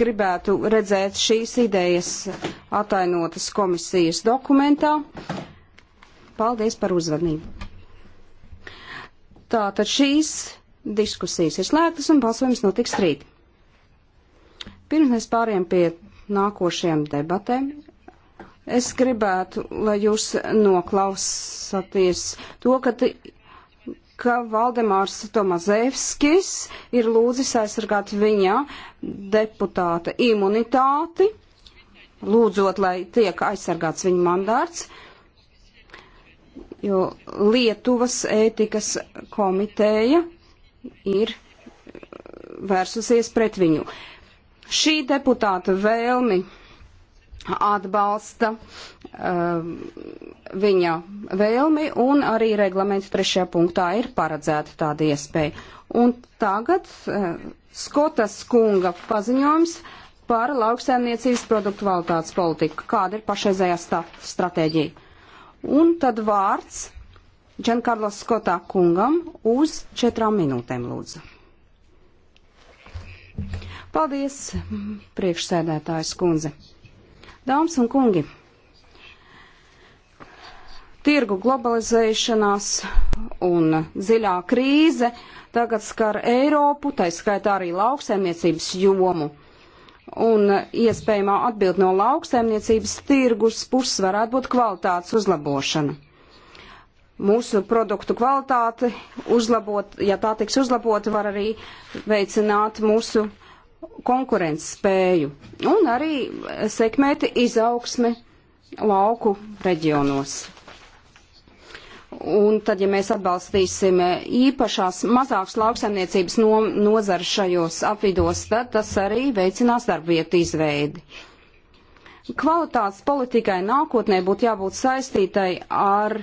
gribētu redzēt šīs idejas atainotas komisijas dokumentā. Paldies par uzvedību. Tātad šīs diskusijas ir slēgtas un balsojums notiks rīt. Pirms mēs pāriem pie nākošajām debatēm, es gribētu, lai jūs noklausāties to, ka ka Valdemārs Tomazevskis ir lūdzis aizsargāt viņa deputāta imunitāti, lūdzot, lai tiek aizsargāts viņa mandāts, jo Lietuvas ētikas komiteja ir vērsusies pret viņu. Šī deputāta vēlmi atbalsta um, viņa vēlmi un arī reglaments trešajā punktā ir paredzēta tāda iespēja. Un tagad uh, Skotas kunga paziņojums par lauksēmniecības produktu kvalitātes politiku. Kāda ir pašreizējā stratēģija? Un tad vārds Džankarlos Skotā kungam uz četrām minūtēm lūdzu. Paldies, priekšsēdētājs kundze. Dāmas un kungi, tirgu globalizēšanās un dziļā krīze tagad skar Eiropu, tai skaitā arī lauksaimniecības jomu. Un iespējamā atbild no lauksaimniecības tirgus puses varētu būt kvalitātes uzlabošana mūsu produktu kvalitāti uzlabot, ja tā tiks uzlabota, var arī veicināt mūsu konkurences spēju un arī sekmēt izaugsme lauku reģionos. Un tad, ja mēs atbalstīsim īpašās mazākas lauksaimniecības no, nozara šajos apvidos, tad tas arī veicinās darbvietu izveidi. Kvalitātes politikai nākotnē būtu jābūt saistītai ar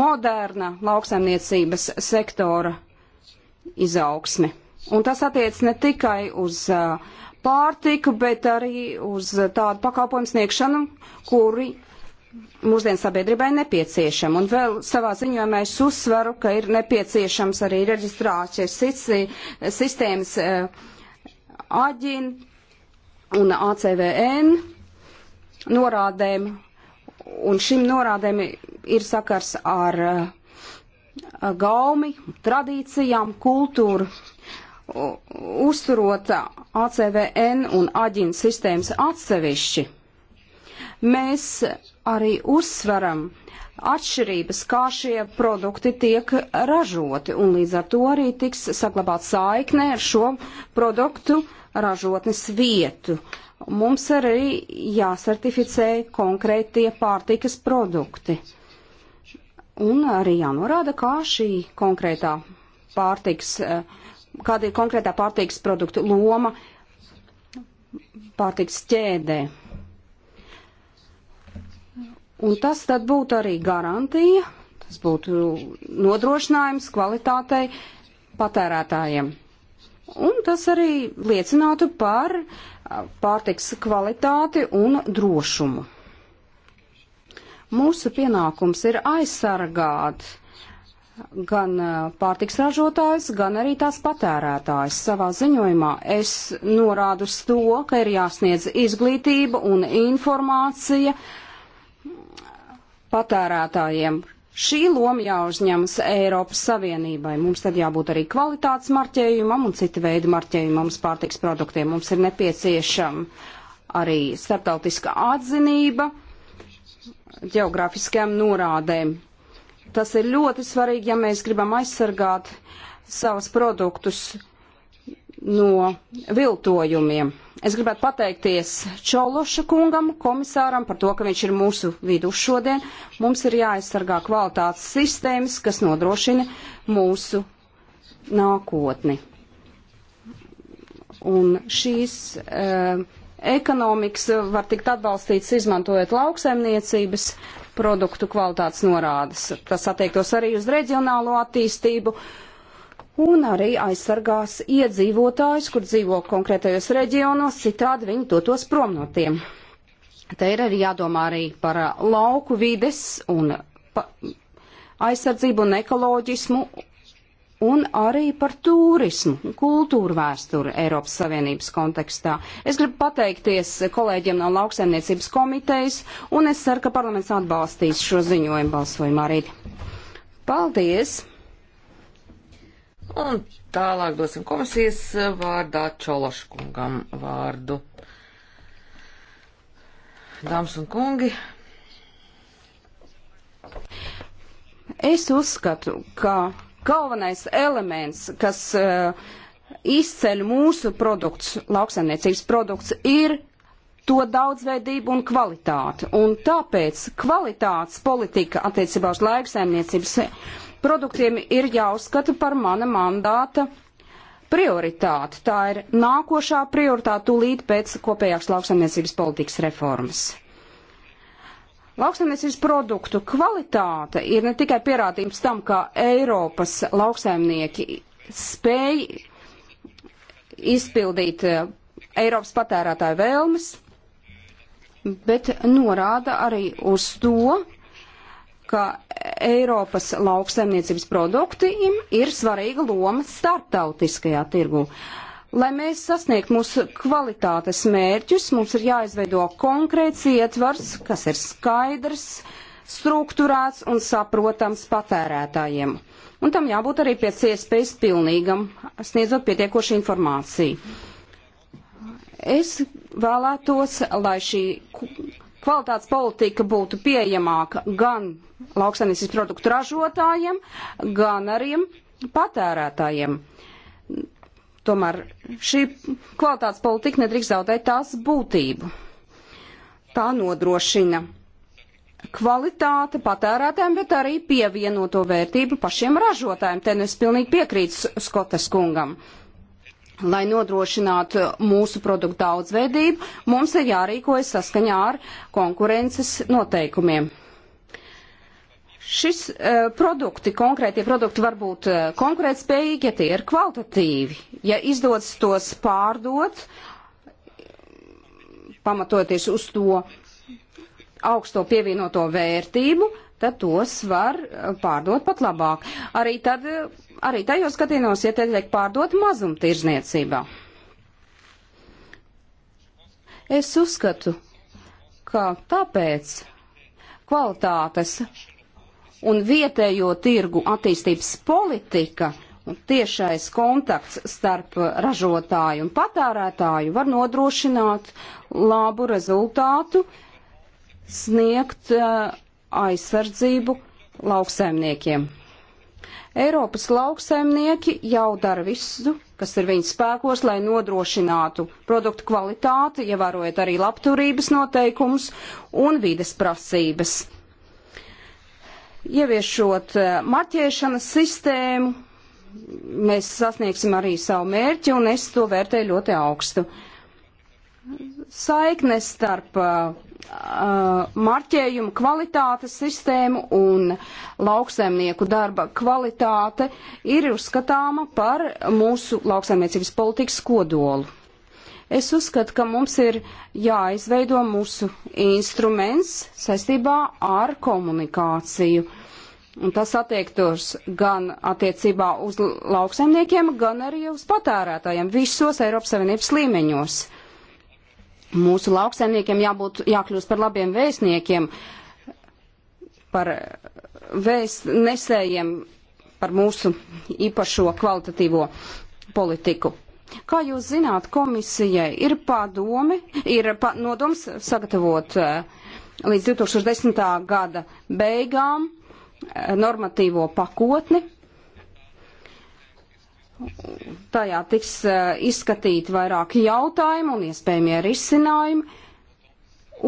moderna lauksaimniecības sektora izaugsmi. Un tas attiec ne tikai uz pārtiku, bet arī uz tādu pakalpojumu sniegšanu, kuri mūsdienu sabiedrībai nepieciešama. Un vēl savā ziņojumā es uzsveru, ka ir nepieciešams arī reģistrācijas sistēmas AģIN un ACVN norādēm. Un šim norādēm ir sakars ar gaumi, tradīcijām, kultūru uzturot ACVN un aģina sistēmas atsevišķi, mēs arī uzsveram atšķirības, kā šie produkti tiek ražoti, un līdz ar to arī tiks saglabāt saiknē ar šo produktu ražotnes vietu. Mums arī jāsertificē konkrētie pārtikas produkti. Un arī jānorāda, kā šī konkrētā pārtikas uh, kāda ir konkrētā pārtiks produktu loma pārtiks ķēdē. Un tas tad būtu arī garantija, tas būtu nodrošinājums kvalitātei patērētājiem. Un tas arī liecinātu par pārtiks kvalitāti un drošumu. Mūsu pienākums ir aizsargāt uh, gan pārtiks ražotājs, gan arī tās patērētājs. Savā ziņojumā es norādu uz to, ka ir jāsniedz izglītība un informācija patērētājiem. Šī loma jāuzņemas Eiropas Savienībai. Mums tad jābūt arī kvalitātes marķējumam un cita veida marķējumam uz pārtiks produktiem. Mums ir nepieciešama arī starptautiska atzinība ģeogrāfiskajām norādēm Tas ir ļoti svarīgi, ja mēs gribam aizsargāt savus produktus no viltojumiem. Es gribētu pateikties Čološa kungam, komisāram, par to, ka viņš ir mūsu vidū šodien. Mums ir jāaizsargā kvalitātes sistēmas, kas nodrošina mūsu nākotni. Un šīs uh, ekonomikas var tikt atbalstīts izmantojot lauksaimniecības produktu kvalitātes norādes. Tas attiektos arī uz reģionālo attīstību un arī aizsargās iedzīvotājus, kur dzīvo konkrētajos reģionos, citādi viņi dotos prom no tiem. Te ir arī jādomā arī par lauku vides un aizsardzību un ekoloģismu un arī par turismu, kultūru vēsturi Eiropas Savienības kontekstā. Es gribu pateikties kolēģiem no lauksaimniecības komitejas, un es ceru, ka parlaments atbalstīs šo ziņojumu balsojumā rīt. Paldies! Un tālāk dosim komisijas vārdā Čološkungam vārdu. Dāmas un kungi! Es uzskatu, ka galvenais elements, kas uh, izceļ mūsu produkts, lauksaimniecības produkts, ir to daudzveidību un kvalitāti. Un tāpēc kvalitātes politika attiecībā uz laiksaimniecības produktiem ir jāuzskata par mana mandāta prioritāti. Tā ir nākošā prioritāte tūlīt pēc kopējās lauksaimniecības politikas reformas. Lauksaimniecības produktu kvalitāte ir ne tikai pierādījums tam, ka Eiropas lauksaimnieki spēj izpildīt eh, Eiropas patērētāju vēlmes, bet norāda arī uz to, ka Eiropas lauksaimniecības produktiem ir svarīga loma starptautiskajā tirgu. Uh, Lai mēs sasniegtu mūsu kvalitātes mērķus, mums ir jāizveido konkrēts ietvars, kas ir skaidrs, struktūrēts un saprotams patērētājiem. Un tam jābūt arī pēc iespējas pilnīgam, sniedzot pietiekošu informāciju. Es vēlētos, lai šī kvalitātes politika būtu pieejamāka gan lauksaimniecības produktu ražotājiem, gan arī patērētājiem. Uh, Tomēr šī kvalitātes politika nedrīkst zaudēt tās būtību. Tā nodrošina kvalitāte patērētājiem, bet arī pievienoto vērtību pašiem ražotājiem. Te es pilnīgi piekrītu Skotas kungam. Lai nodrošinātu mūsu produktu daudzveidību, mums ir jārīkojas saskaņā ar konkurences noteikumiem. Šis uh, produkti, konkrētie produkti var būt uh, konkurētspējīgi, ja tie ir kvalitatīvi, ja izdodas tos pārdot, pamatoties uz to augsto pievienoto vērtību, tad tos var eh, pārdot pat labāk. Arī, tad, arī tajos skatījumos, ja te tiek pārdot mazumtirzniecībā. Es uzskatu, ka tāpēc kvalitātes un vietējo tirgu attīstības politika un tiešais kontakts starp ražotāju un patērētāju var nodrošināt labu rezultātu, sniegt eh, aizsardzību lauksaimniekiem. Eiropas lauksaimnieki jau dara visu, kas ir viņu spēkos, lai nodrošinātu produktu kvalitāti, ievērojot arī labturības noteikumus un vides prasības Ieviešot eh, marķēšanas sistēmu, mēs sasniegsim arī savu mērķi, un es to vērtēju ļoti augstu. Saikne starp uh, marķējumu kvalitātes sistēmu un lauksaimnieku darba kvalitāte ir uzskatāma par mūsu lauksaimniecības politikas kodolu. Es uzskatu, ka mums ir jāizveido mūsu instruments saistībā ar komunikāciju. Uh, Un tas attiektos gan attiecībā uz lauksaimniekiem, gan arī uz patērētājiem visos Eiropas Savienības līmeņos. Mūsu lauksaimniekiem jābūt, jākļūst par labiem vēstniekiem, par vēstnesējiem, par mūsu īpašo kvalitatīvo politiku. Kā jūs zināt, komisijai ir padomi, ir pa, nodoms sagatavot eh, līdz 2010. gada beigām normatīvo pakotni. Tajā tiks eh, izskatīti vairāki jautājumi un iespējamie risinājumi.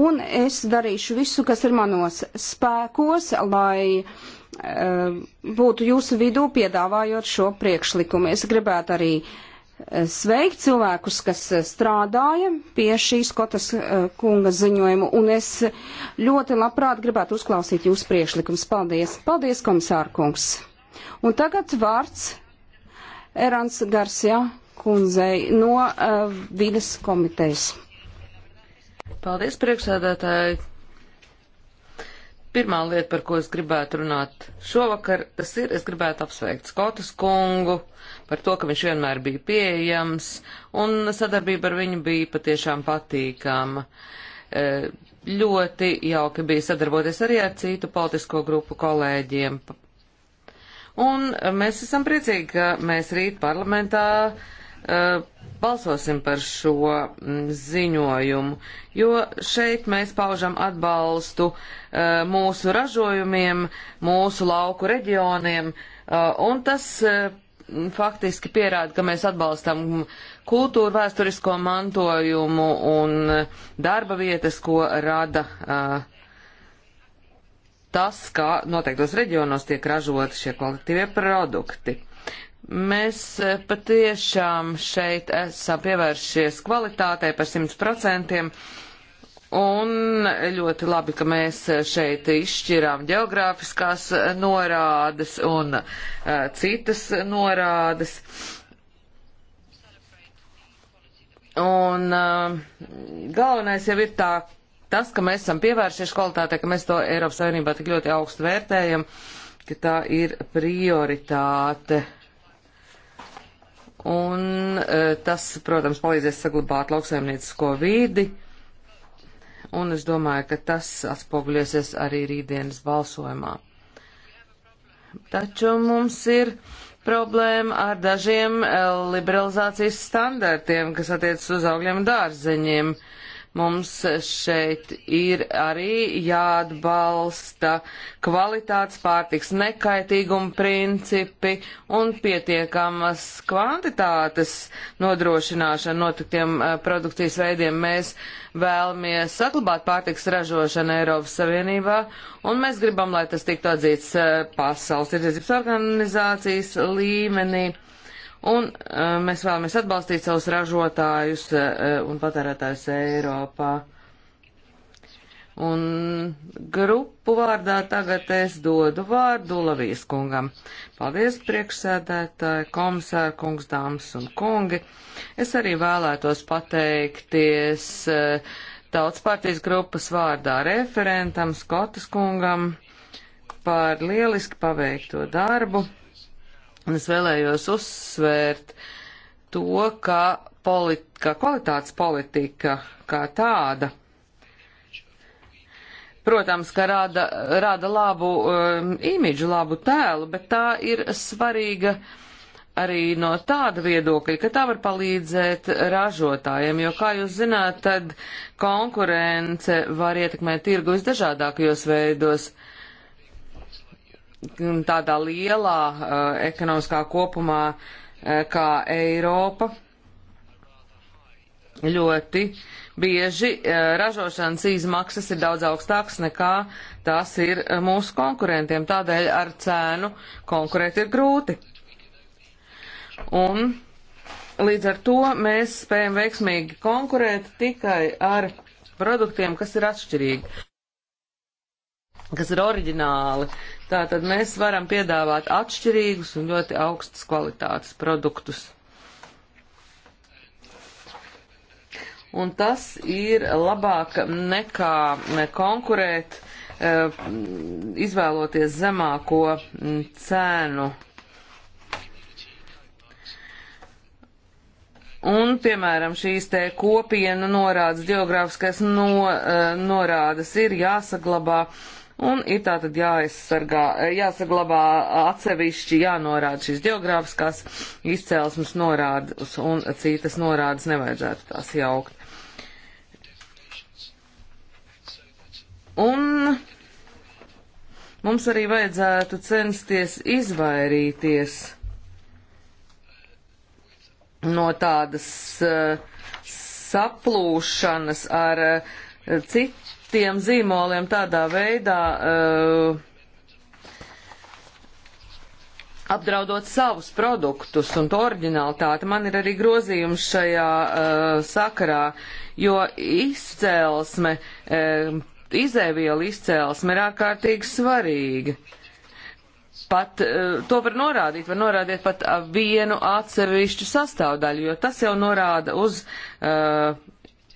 Un es darīšu visu, kas ir manos spēkos, lai uh, būtu jūsu vidū piedāvājot šo priekšlikumu. Es gribētu arī uh, sveikt cilvēkus, kas eh, strādāja pie šīs kotas eh, kunga ziņojuma, un es ļoti labprāt gribētu uzklausīt jūsu priešlikums. Paldies! Paldies, komisāra kungs! Un tagad vārds Erans Garcia kundzei no uh, vides komitejas. Paldies, priekšsēdētāji! Pirmā lieta, par ko es gribētu runāt šovakar, tas ir, es gribētu apsveikt Skotas kungu. Uh, par to, ka viņš vienmēr bija pieejams, un sadarbība ar viņu bija patiešām patīkama. E, ļoti jauki bija sadarboties arī ar citu politisko grupu kolēģiem. Un mēs esam priecīgi, ka mēs rīt parlamentā e, balsosim par šo ziņojumu, jo šeit mēs paužam atbalstu e, mūsu ražojumiem, mūsu lauku reģioniem, un tas faktiski pierāda, ka mēs atbalstam kultūru, vēsturisko mantojumu un darba vietas, ko rada tas, kā noteiktos reģionos tiek ražoti šie kvalitatīvie produkti. Mēs patiešām šeit esam pievēršies kvalitātei par 100%. Un ļoti labi, ka mēs šeit izšķirām geogrāfiskās norādes un uh, citas norādes. Un uh, galvenais jau ir tā, tas, ka mēs esam pievēršies kvalitātei, ka mēs to Eiropas Savienībā tik ļoti augstu vērtējam, ka tā ir prioritāte. Un uh, tas, protams, palīdzēs saglabāt lauksaimniecisko vīdi. Uh, un es domāju, ka tas atspoguļosies arī rītdienas balsojumā. Taču mums ir problēma ar dažiem eh, liberalizācijas standartiem, kas attiecas uz augļiem dārzeņiem. Uh, Mums šeit ir arī jāatbalsta kvalitātes pārtiks nekaitīguma principi un pietiekamas kvantitātes nodrošināšana notiktiem eh, produkcijas veidiem. Mēs vēlamies saglabāt pārtiks ražošanu Eiropas Savienībā un mēs gribam, lai tas tiktu atzīts eh, pasaules tirdzniecības organizācijas līmenī un uh, mēs vēlamies atbalstīt savus ražotājus uh, un patērētājus Eiropā. Un grupu vārdā tagad es dodu vārdu Lavijas kungam. Paldies, priekšsēdētāji, komisāri, kungs, dāmas un kungi. Es arī vēlētos pateikties uh, Tautas partijas grupas vārdā referentam Skotas kungam par lieliski paveikto darbu Un es vēlējos uzsvērt to, ka, polit, ka kvalitātes politika kā tāda protams, ka rada, rada labu um, imidžu, labu tēlu, bet tā ir svarīga arī no tāda viedokļa, ka tā var palīdzēt ražotājiem, jo, kā jūs zināt, tad konkurence var ietekmēt tirgu visdažādākajos veidos. Uh, tādā lielā uh, ekonomiskā kopumā uh, kā Eiropa ļoti bieži uh, ražošanas izmaksas ir daudz augstākas nekā tās ir mūsu konkurentiem. Tādēļ ar cēnu konkurēt ir grūti. Un līdz ar to mēs spējam veiksmīgi konkurēt tikai ar produktiem, kas ir atšķirīgi kas ir oriģināli. Tātad mēs varam piedāvāt atšķirīgus un ļoti augstas kvalitātes produktus. Un tas ir labāk nekā konkurēt, e, izvēloties zemāko cēnu. Un, piemēram, šīs te kopienu norādes, geogrāfiskais no, e, norādes ir jāsaglabā uh, Un ir tātad jāaizsargā, jāsaglabā atsevišķi, jānorāda šīs geogrāfiskās izcēlesmes norādes un citas norādes nevajadzētu tās jaukt. Un mums arī vajadzētu censties izvairīties no tādas uh, saplūšanas ar uh, citu tiem zīmoliem tādā veidā uh, apdraudot savus produktus un to oriģinalitāti. Man ir arī grozījums šajā uh, sakarā, jo izcēlesme, uh, eh, izēvielu izcēlesme ir ārkārtīgi svarīga. Pat uh, to var norādīt, var norādīt pat vienu atsevišķu sastāvdaļu, jo tas jau norāda uz uh,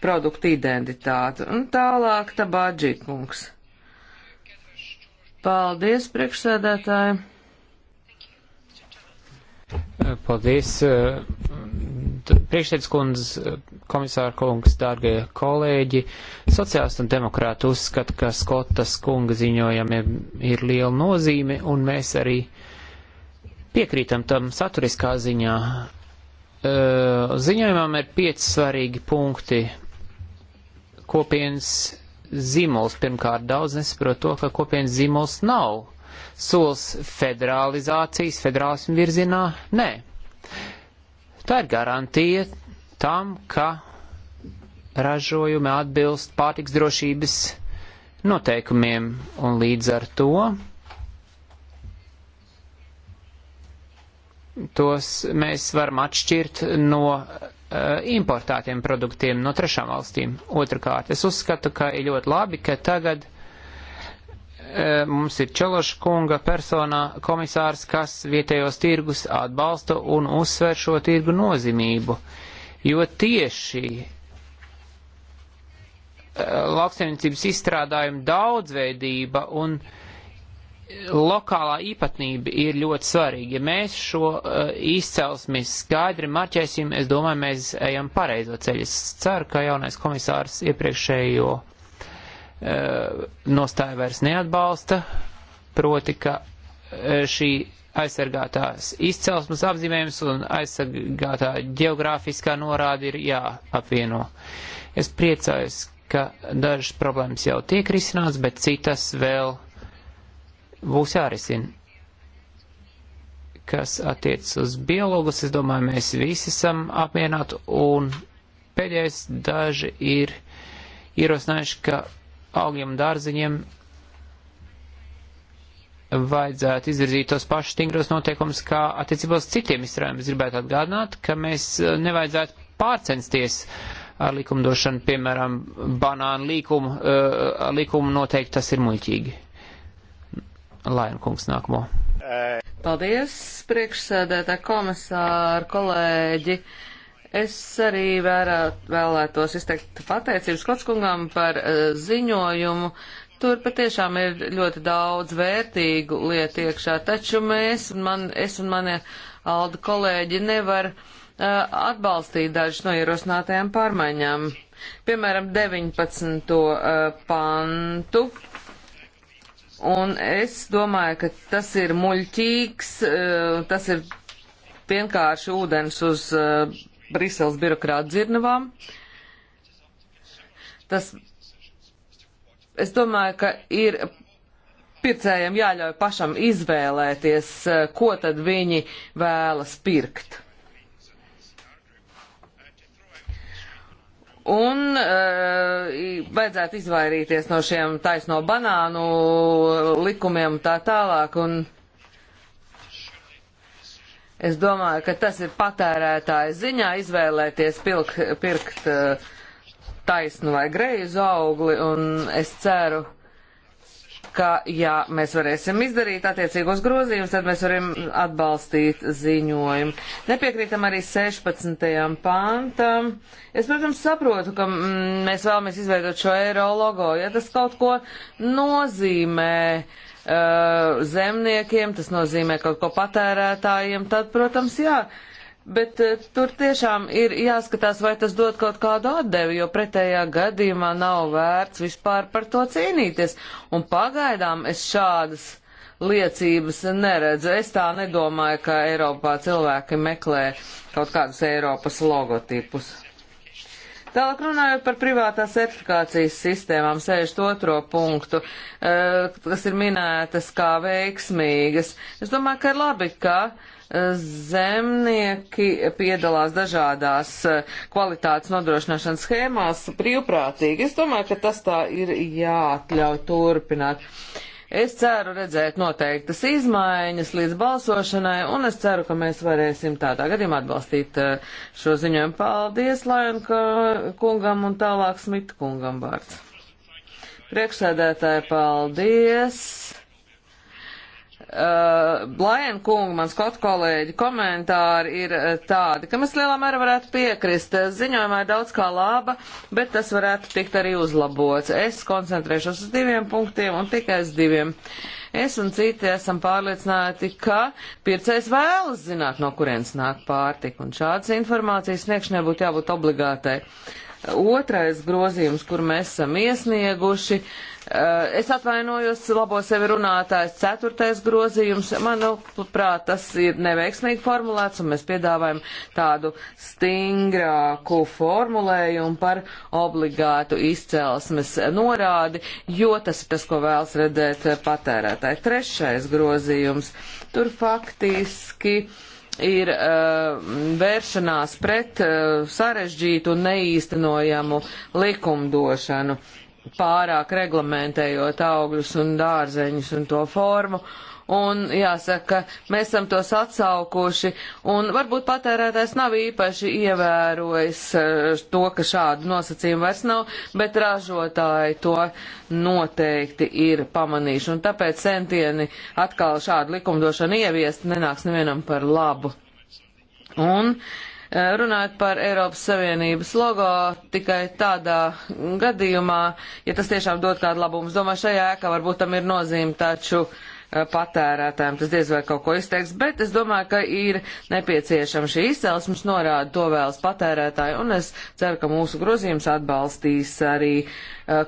produktu identitāti. Un tālāk tabāģīkungs. Paldies, priekšsēdētāji. Paldies. Eh, priekšsēdētājs kundze, komisāra kungs, dārgie kolēģi. Sociālisti un demokrāti uzskata, ka Skotas kunga ziņojumiem ir liela nozīme, un mēs arī piekrītam tam saturiskā ziņā eh, ziņojumam ir pieci svarīgi punkti kopienas zīmols. Pirmkārt, daudz nesaprot to, ka kopienas zīmols nav solis federalizācijas, federālismu virzienā. Nē. Tā ir garantija tam, ka ražojumi atbilst pārtiks drošības noteikumiem un līdz ar to tos mēs varam atšķirt no Uh, importētiem produktiem no trešām valstīm. Otrakārt, es uzskatu, ka ir ļoti labi, ka tagad uh, mums ir Čeloša kunga personā komisārs, kas vietējos tirgus atbalsta un uzsver šo tirgu nozīmību, jo tieši uh, lauksaimniecības izstrādājuma daudzveidība un uh, lokālā īpatnība ir ļoti svarīga. Ja mēs šo uh, izcelsmi skaidri marķēsim, es domāju, mēs ejam pareizo ceļu. Es ceru, ka jaunais komisārs iepriekšējo uh, nostāju vairs neatbalsta, proti, ka uh, šī aizsargātās izcelsmes apzīmējums un aizsargātā geogrāfiskā norāde ir jāapvieno. Es priecājos, ka dažas problēmas jau tiek risināts, bet citas vēl būs jārisina. Kas attiec uz biologus, es domāju, mēs visi esam apmierināti, un pēdējais daži ir ierosinājuši, ka augļiem dārziņiem vajadzētu izvirzīt tos pašus stingros noteikumus, kā attiecībā uz citiem izstrādājumiem. Es gribētu atgādināt, ka mēs eh, nevajadzētu pārcensties ar likumdošanu, piemēram, banānu likumu, uh, eh, likumu noteikti tas ir muļķīgi. Lainkungs nākamo. Paldies, priekšsēdētā komisāra, kolēģi. Es arī vērāt, vēlētos izteikt pateicību Skotskungam par uh, ziņojumu. Tur patiešām ir ļoti daudz vērtīgu lietu iekšā, taču mēs, man, es un mani alda kolēģi nevar uh, atbalstīt dažas no ierosinātajām pārmaiņām. Piemēram, 19. Uh, eh, pantu Un es domāju, ka tas ir muļķīgs, eh, tas ir vienkārši ūdens uz eh, Briseles birokrāta dzirnavām. Tas, es domāju, ka ir pircējiem jāļauj pašam izvēlēties, eh, ko tad viņi vēlas pirkt. Un uh, vajadzētu izvairīties no šiem taisno banānu eh, likumiem tā tālāk. Un es domāju, ka tas ir patērētāja ziņā izvēlēties pilk, pirkt uh, taisnu vai greizu augli. Un es ceru, uh, ka, ja mēs varēsim izdarīt attiecīgos grozījumus, tad mēs varam atbalstīt ziņojumu. Nepiekrītam arī 16. pantam. Es, protams, saprotu, ka mm, mēs vēlamies izveidot šo eiro logo, ja tas kaut ko nozīmē. Uh, zemniekiem, tas nozīmē kaut ko patērētājiem, tad, protams, jā, uh, Bet eh, tur tiešām ir jāskatās, vai tas dod kaut kādu atdevi, jo pretējā gadījumā nav vērts vispār par to cīnīties. Un pagaidām es šādas liecības neredzu. Es tā nedomāju, ka Eiropā cilvēki meklē kaut kādus Eiropas logotipus. Tālāk runājot par privātās certifikācijas sistēmām, 62. punktu, eh, kas ir minētas kā veiksmīgas. Es domāju, ka ir labi, ka eh, zemnieki piedalās dažādās eh, kvalitātes nodrošināšanas schēmās brīvprātīgi. Es domāju, ka tas tā ir jāatļauj turpināt. Uh, Es ceru redzēt noteiktas izmaiņas līdz balsošanai, un es ceru, ka mēs varēsim tādā gadījumā atbalstīt eh, šo ziņojumu. Paldies, Lajanka kungam un tālāk Smita kungam vārds. Priekšsēdētāji, paldies! Uh, eh, Blajana kunga, man skotu kolēģi, komentāri ir eh, tādi, ka mēs lielā mērā varētu piekrist. Eh, Ziņojumā ir daudz kā laba, bet tas varētu tikt arī uzlabots. Es koncentrēšos uz diviem punktiem un tikai uz diviem. Es un citi esam pārliecināti, ka pircējs vēlas zināt, no kurienes nāk pārtika, un šādas informācijas sniegšanai būtu jābūt obligātai. Otrais grozījums, kur mēs esam iesnieguši, uh, Eh, es atvainojos, labo sevi runātājs ceturtais grozījums. Manuprāt, nu, tas ir neveiksmīgi formulēts, un mēs piedāvājam tādu stingrāku formulējumu par obligātu izcelsmes norādi, jo tas ir tas, ko vēlas redzēt patērētāji. Trešais grozījums. Tur faktiski ir uh, vēršanās pret uh, sarežģītu un neīstenojamu likumdošanu. Uh, pārāk reglamentējot augļus un dārzeņus un to formu. Un jāsaka, mēs esam tos atsaukuši, un varbūt patērētājs nav īpaši ievērojis eh, to, ka šādu nosacījumu vairs nav, bet ražotāji to noteikti ir pamanījuši. Un tāpēc centieni atkal šādu likumdošanu ieviest nenāks nevienam par labu. Un uh, Eh, runājot par Eiropas Savienības logo, tikai tādā gadījumā, ja tas tiešām dod kādu labumu, es domāju, šajā ēkā varbūt tam ir nozīme, taču eh, patērētājiem tas diez vai kaut ko izteiks, bet es domāju, ka ir nepieciešama šī izcelsmes norāda, to vēlas patērētāji, un es ceru, ka mūsu grozījums atbalstīs arī eh,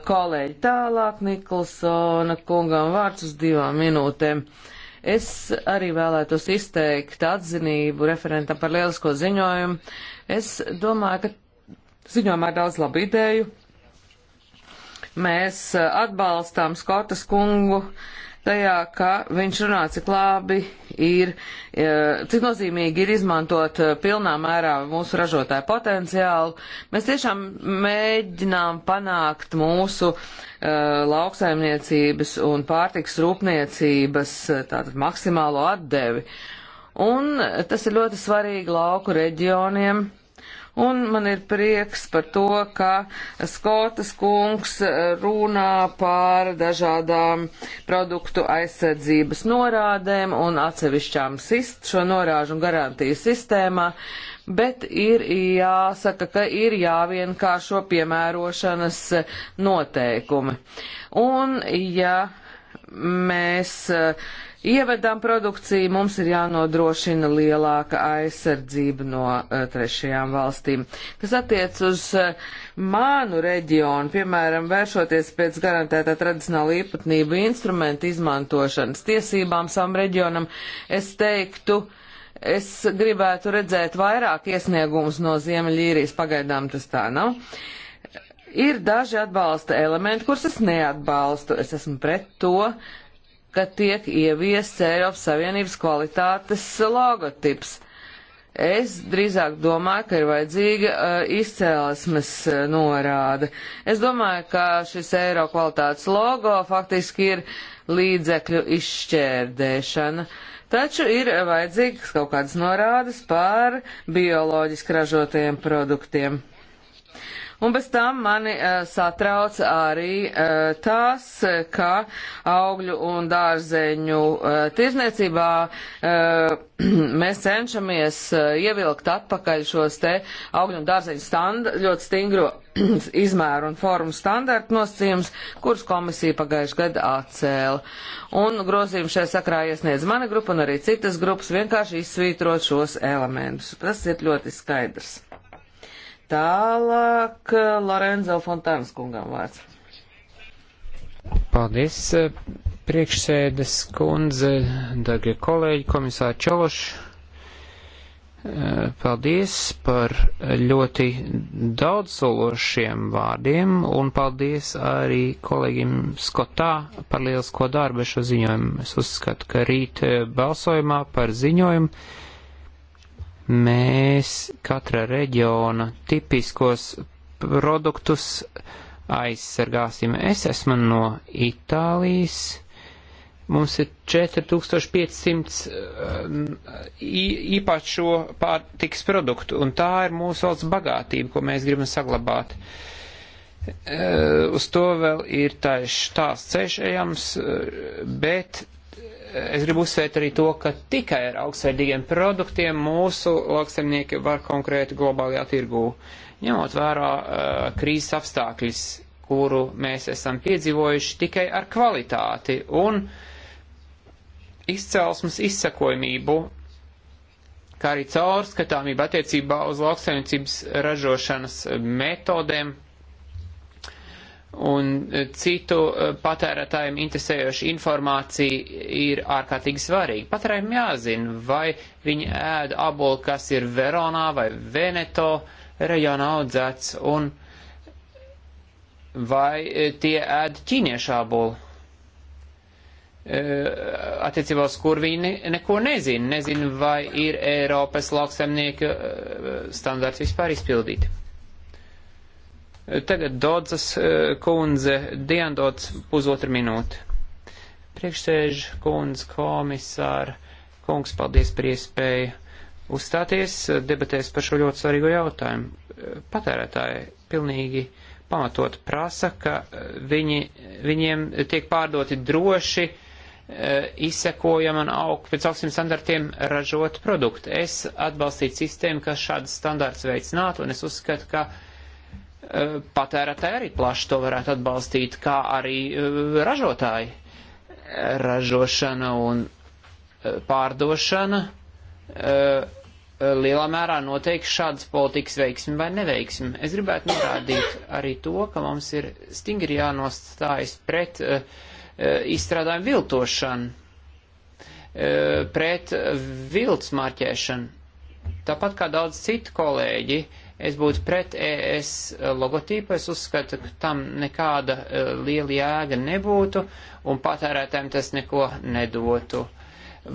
kolēģi tālāk Nikolsona kungam vārds uz divām minūtēm. Uh, Es arī vēlētos izteikt atzinību referentam par lielisko ziņojumu. Es domāju, ka ziņojumā ir daudz labu ideju. Mēs eh, atbalstām Skotas kungu, uh, tajā, ka viņš runā, cik labi ir, e, cik nozīmīgi ir izmantot e, pilnā mērā mūsu ražotāju potenciālu. Mēs tiešām mēģinām panākt mūsu uh, lauksaimniecības un pārtiks rūpniecības tātad maksimālo atdevi. Un tas ir ļoti svarīgi lauku reģioniem Un man ir prieks par to, ka Skotas kungs runā par dažādām produktu aizsardzības norādēm un atsevišķām sist, šo norāžu un garantiju sistēmā, bet ir jāsaka, ka ir jāvienkāršo piemērošanas noteikumi. Un ja mēs ievedam produkciju, mums ir jānodrošina lielāka aizsardzība no uh, trešajām valstīm. Kas attiec uz uh, eh, mānu reģionu, piemēram, vēršoties pēc garantētā tradicionāla īpatnība instrumenta izmantošanas tiesībām savam reģionam, es teiktu, es gribētu redzēt vairāk iesniegumus no Ziemeļīrijas, pagaidām tas tā nav. Ir daži atbalsta elementi, kurus es neatbalstu. Es esmu pret to, ka tiek ieviests Eiropas Savienības kvalitātes logotips. Es drīzāk domāju, ka ir vajadzīga uh, izcēlesmes uh, norāde. Es domāju, ka šis eiro kvalitātes logo faktiski ir līdzekļu izšķērdēšana. Taču ir vajadzīgas kaut kādas norādes par bioloģiski ražotajiem produktiem. Un bez tam mani uh, satrauc arī uh, tas, ka augļu un dārzeņu uh, tirzniecībā uh, mēs cenšamies uh, ievilkt atpakaļ šos te augļu un dārzeņu standa, ļoti stingro izmēru un formu standartu nosacījums, kurus komisija pagājuši gadu atcēla. Un grozījumi šajā sakrā iesniedz mana grupa un arī citas grupas vienkārši izsvītrot šos elementus. Tas ir ļoti skaidrs. Tālāk Lorenzo Fontānas kungam vārds. Paldies, eh, priekšsēdes kundze, darbie kolēģi, komisāri Čološ. Eh, paldies par ļoti daudzsološiem vārdiem un paldies arī kolēģim Skotā par lielisko darbu šo ziņojumu. Es uzskatu, ka rīt eh, balsojumā par ziņojumu mēs katra reģiona tipiskos produktus aizsargāsim. Es esmu no Itālijas. Mums ir 4500 īpašo pārtiks produktu, un tā ir mūsu valsts bagātība, ko mēs gribam saglabāt. Uz to vēl ir taisnība, tās ceļš ejams, bet es gribu uzsvērt arī to, ka tikai ar augstsvērtīgiem produktiem mūsu lauksemnieki var konkurēt globālajā tirgū, ņemot vērā uh, krīzes apstākļus, kuru mēs esam piedzīvojuši tikai ar kvalitāti un izcelsmes izsakojamību, kā arī caurskatāmību attiecībā uz lauksaimniecības ražošanas metodēm, un e, citu e, patērētājiem interesējoša informācija ir ārkārtīgi svarīga. Patērējiem jāzina, vai viņi ēd aboli, kas ir Veronā vai Veneto reģionā audzēts, un vai e, tie ēd ķīniešu aboli. Attiecībā uz kur viņi neko nezina, nezina, vai ir Eiropas lauksaimnieka standarts vispār izpildīti. Tagad Dodzas eh, kundze, Diendots, pusotra minūte. Priekšsēž kundze, komisāra, kungs, paldies par iespēju uzstāties eh, debatēs par šo ļoti svarīgo jautājumu. Eh, patērētāji pilnīgi pamatot prasa, ka viņi, viņiem tiek pārdoti droši, izsekojam un aug pēc augstiem standartiem ražot produktu. Es atbalstītu sistēmu, kas šādas standarts veicinātu, un es uzskatu, ka uh, patērētāji arī plaši to varētu atbalstīt, kā arī eh, ražotāji. Ražošana un eh, pārdošana eh, lielā mērā noteikti šādas politikas veiksmi vai neveiksmi. Es gribētu norādīt arī to, ka mums ir stingri jānostājas pret izstrādājumu viltošanu, pret vilts marķēšanu. Tāpat kā daudz citu kolēģi, uh, Es būtu pret ES logotīpu, es uzskatu, ka tam nekāda e, liela jēga nebūtu un patērētājiem tas neko nedotu.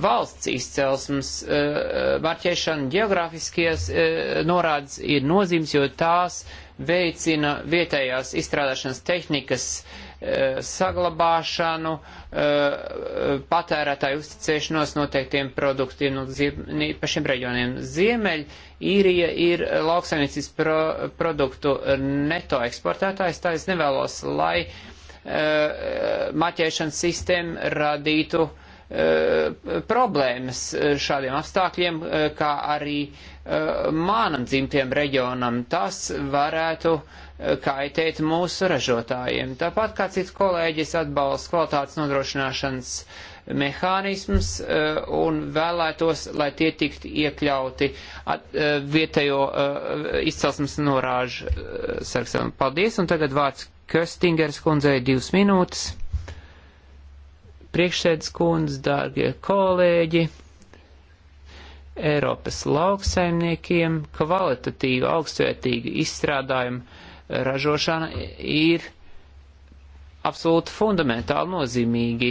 Valsts izcelsmes e, e, marķēšana geogrāfiskies norādes ir nozīmes, jo tās veicina vietējās izstrādāšanas tehnikas uh, E, saglabāšanu, e, patērētāju uzticēšanos noteiktiem produktiem un nu, pašiem reģioniem. Ziemeļ īrija ir lauksaimniecības pro, produktu neto eksportētājs, tā es nevēlos, lai e, maķēšanas sistēma radītu problēmas šādiem apstākļiem, kā arī uh, Uh, manam dzimtiem reģionam, tas varētu uh, kaitēt mūsu ražotājiem. Tāpat kā cits kolēģis atbalsta kvalitātes nodrošināšanas mehānismus uh, un vēlētos, lai tie tiktu iekļauti at, vietējo izcelsmes norāžu sarkstam. Paldies, un tagad vārds Köstingers kundzei divas minūtes. Priekšsēdz kundze, dārgie kolēģi. Eiropas lauksaimniekiem kvalitatīva, augstvērtīga izstrādājuma ražošana ir absolūti fundamentāli nozīmīgi.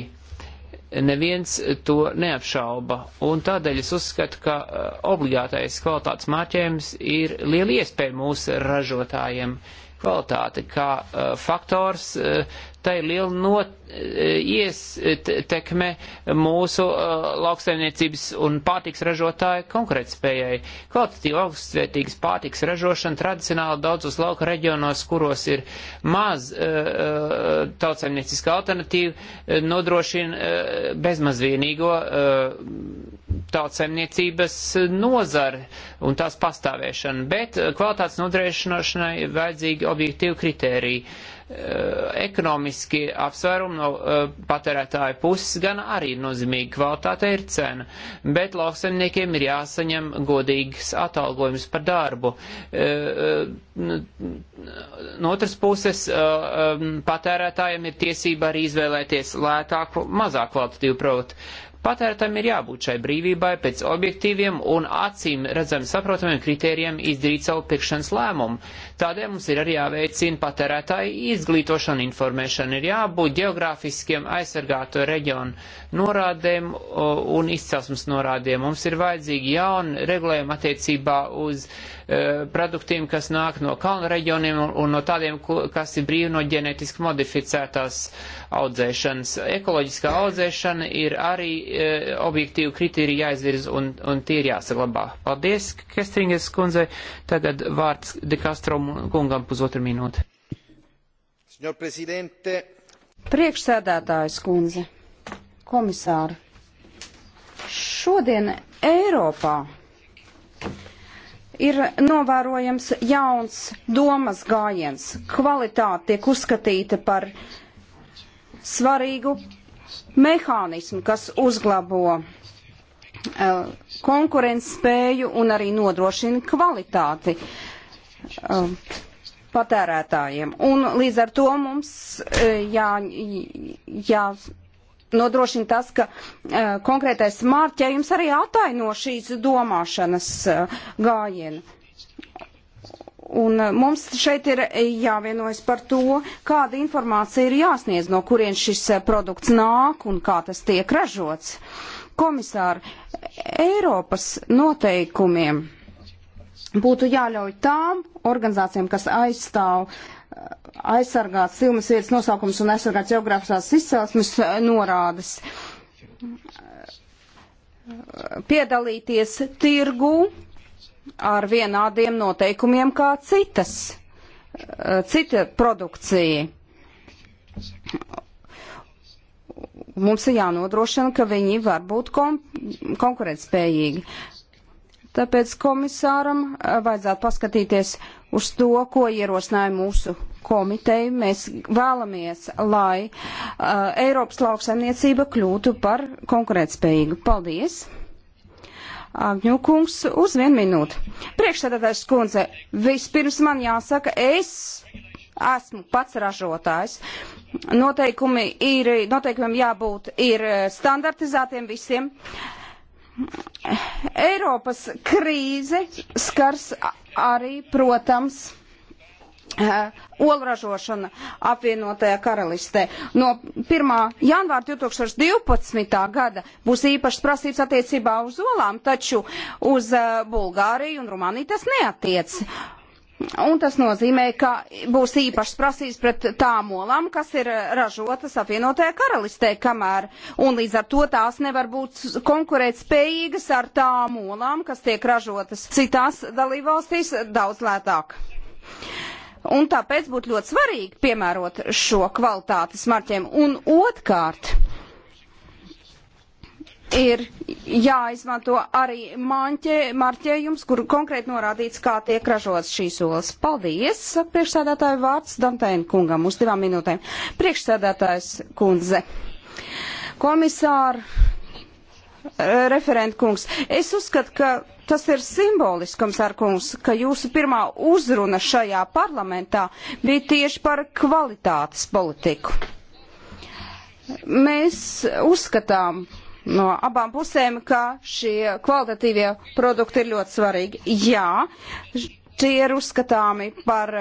Neviens to neapšauba, un tādēļ es uzskatu, ka uh, obligātais kvalitātes mārķējums ir liela iespēja mūsu ražotājiem. Kvalitāte kā uh, faktors, uh, tai ir liela not, iestekme mūsu uh, lauksaimniecības un pārtiks ražotāju konkurētspējai. Kvalitatīva augstsvērtīgas pārtiks ražošana tradicionāli daudzos lauka reģionos, kuros ir maz uh, uh tautsaimnieciska alternatīva, uh, nodrošina uh, bezmazvienīgo uh, tautsaimniecības nozari un tās pastāvēšanu. Bet kvalitātes nodrošināšanai vajadzīgi objektīvi kritēriji ekonomiski apsvērumi no uh, eh, patērētāja puses gan arī nozīmīga kvalitāte ir cena, bet lauksaimniekiem ir jāsaņem godīgs atalgojums par darbu. Uh, no otras puses, uh, um, patērētājiem ir tiesība arī izvēlēties lētāku, mazāk kvalitatīvu produktu. Patērētājiem ir jābūt šai brīvībai pēc objektīviem un acīm redzam saprotamiem kritērijiem izdarīt savu pirkšanas lēmumu. Uh, Tādēļ mums ir arī jāveicina patērētāji izglītošana, informēšana, ir jābūt geogrāfiskiem aizsargāto reģionu norādēm un izcelsmes norādēm. Mums ir vajadzīgi jauni regulējumi attiecībā uz uh, produktiem, kas nāk no kalnu reģioniem un no tādiem, kas ir brīvi no ģenetiski modificētās audzēšanas. Ekoloģiskā audzēšana ir arī uh, objektīvi kriteriji jāizvirz un, un tie ir jāsaglabā. Paldies, Kestingas kundzei. Tagad vārds Dekastrom kungam pusotru minūti. Priekšsēdētājs kundze, komisāri, šodien Eiropā ir novērojams jauns domas gājiens. Kvalitāte tiek uzskatīta par svarīgu mehānismu, kas uzglabo eh, konkurences spēju un arī nodrošina kvalitāti. Uh, um, patērētājiem. Un līdz ar to mums uh, jā, jā nodrošina tas, ka uh, konkrētais mārķējums arī ataino šīs domāšanas uh, gājienu. Un uh, mums šeit ir jāvienojas par to, kāda informācija ir jāsniedz, no kurien šis uh, produkts nāk un kā tas tiek ražots. Komisāri, Eiropas noteikumiem būtu jāļauj tām organizācijām, kas aizstāv aizsargāt filmas vietas nosaukums un aizsargāt geogrāfiskās izcelsmes eh, norādes, piedalīties tirgu ar vienādiem noteikumiem kā citas, eh, cita produkcija. Mums ir jānodrošina, ka viņi var būt kon konkurētspējīgi. Uh, Tāpēc komisāram eh, vajadzētu paskatīties uz to, ko ierosināja mūsu komiteja. Mēs vēlamies, lai uh, Eiropas lauksaimniecība kļūtu par konkurētspējīgu. Paldies! Agņukungs uz vienu minūti. Priekšsēdētājs skundze, vispirms man jāsaka, es esmu pats ražotājs. Noteikumi ir, noteikumiem jābūt ir standartizētiem visiem. Uh, Eiropas krīze skars arī, protams, eh, olražošana apvienotajā karalistē. No 1. janvāra 2012. gada būs īpašas prasības attiecībā uz olām, taču uz eh, Bulgāriju un Rumāniju tas neatiec. Un tas nozīmē, ka būs īpašas prasības pret tām olām, kas ir ražotas apvienotajā karalistē, kamēr, un līdz ar to tās nevar būt konkurēt spējīgas ar tām olām, kas tiek ražotas citās dalībvalstīs daudz lētāk. Un tāpēc būtu ļoti svarīgi piemērot šo kvalitātes marķiem. Un otrkārt, ir jāizmanto arī maņķē, marķējums, kur konkrēti norādīts, kā tiek ražots šīs olas. Paldies, priekšsēdētāju vārds Dantēna kungam uz divām minūtēm. Priekšsēdētājs kundze. Komisāra eh, referenta kungs, es uzskatu, ka tas ir simboliski, komisāra kungs, ka jūsu pirmā uzruna šajā parlamentā bija tieši par kvalitātes politiku. Mēs uzskatām, no abām pusēm, ka šie kvalitatīvie produkti ir ļoti svarīgi. Jā, tie ir uzskatāmi par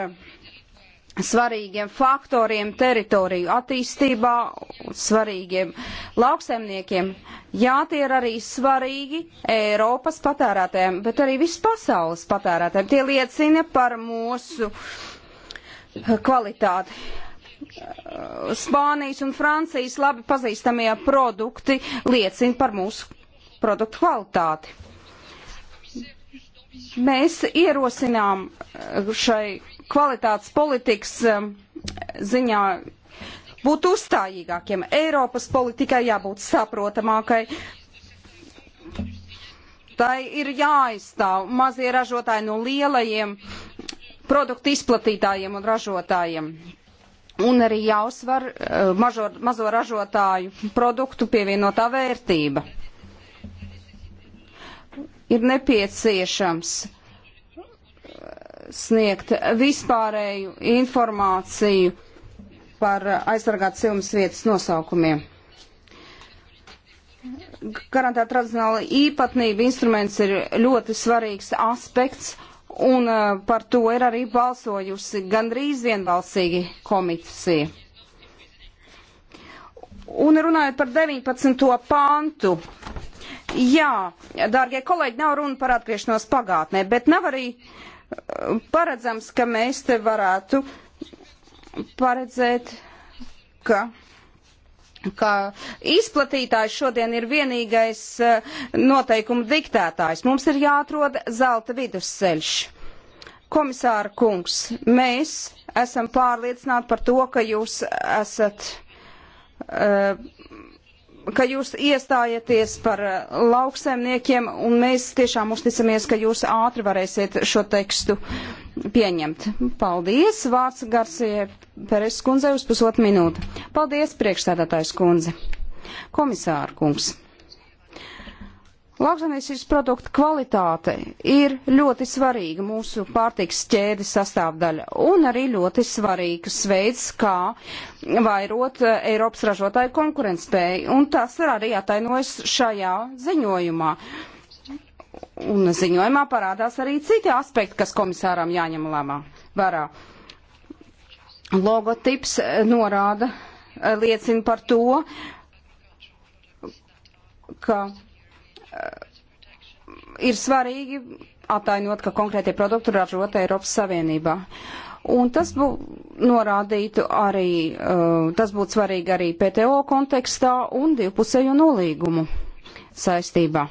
svarīgiem faktoriem teritoriju attīstībā, svarīgiem lauksaimniekiem. Jā, tie ir arī svarīgi Eiropas patērētēm, bet arī visu pasaules patērētēm. Tie liecina par mūsu kvalitāti Spānijas un Francijas labi pazīstamie produkti liecina par mūsu produktu kvalitāti. Mēs ierosinām eh, šai kvalitātes politikas eh, ziņā būt uzstājīgākiem. Eiropas politikai jābūt saprotamākai. Tai ir jāaizstāv mazie ražotāji no lielajiem produktu izplatītājiem un ražotājiem un arī jāuzsver eh, mažo, mazo ražotāju produktu pievienotā vērtība. Ir nepieciešams eh, sniegt vispārēju informāciju par aizsargāt silmas vietas nosaukumiem. Garantēt tradicionāla īpatnība instruments ir ļoti svarīgs aspekts un uh, par to ir arī balsojusi gandrīz vienbalsīgi komisija. Un runājot par 19. pantu, jā, dārgie kolēģi, nav runa par atgriešanos pagātnē, bet nav arī uh, paredzams, ka mēs te varētu paredzēt, ka ka izplatītājs šodien ir vienīgais eh, noteikumu diktētājs. Mums ir jāatrod zelta vidusceļš. Komisāra kungs, mēs esam pārliecināti par to, ka jūs esat uh, ka jūs iestājaties par eh, lauksaimniekiem, un mēs tiešām uzticamies, ka jūs ātri varēsiet šo tekstu pieņemt. Paldies, vārds Garsie Peres kundzei uz pusotru minūtu. Paldies, priekšstādātājs kundze. Komisāra kungs. Lauksaimniecības produktu kvalitāte ir ļoti svarīga mūsu pārtiks ķēdes sastāvdaļa un arī ļoti svarīgs veids, kā vairot eh, Eiropas ražotāju konkurentspēju. Un tas ir arī atainojas šajā ziņojumā. Un ziņojumā parādās arī citi aspekti, kas komisāram jāņem lēmā vērā. Logotips eh, norāda, eh, liecina par to, ka ir svarīgi attainot, ka konkrētie produkti ražot Eiropas Savienībā. Un tas būtu norādītu arī, uh, tas būtu svarīgi arī PTO kontekstā un divpusēju nolīgumu saistībā.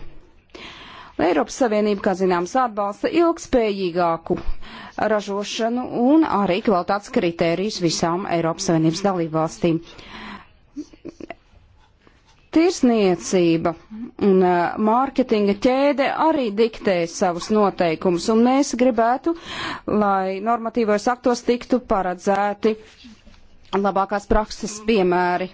Eiropas Savienība, kā zināms, atbalsta ilgspējīgāku ražošanu un arī kvalitātes kritērijus visām Eiropas Savienības dalībvalstīm. Uh, Tirzniecība un mārketinga ķēde arī diktē savus noteikumus, un mēs gribētu, lai normatīvos aktos tiktu paredzēti labākās prakses piemēri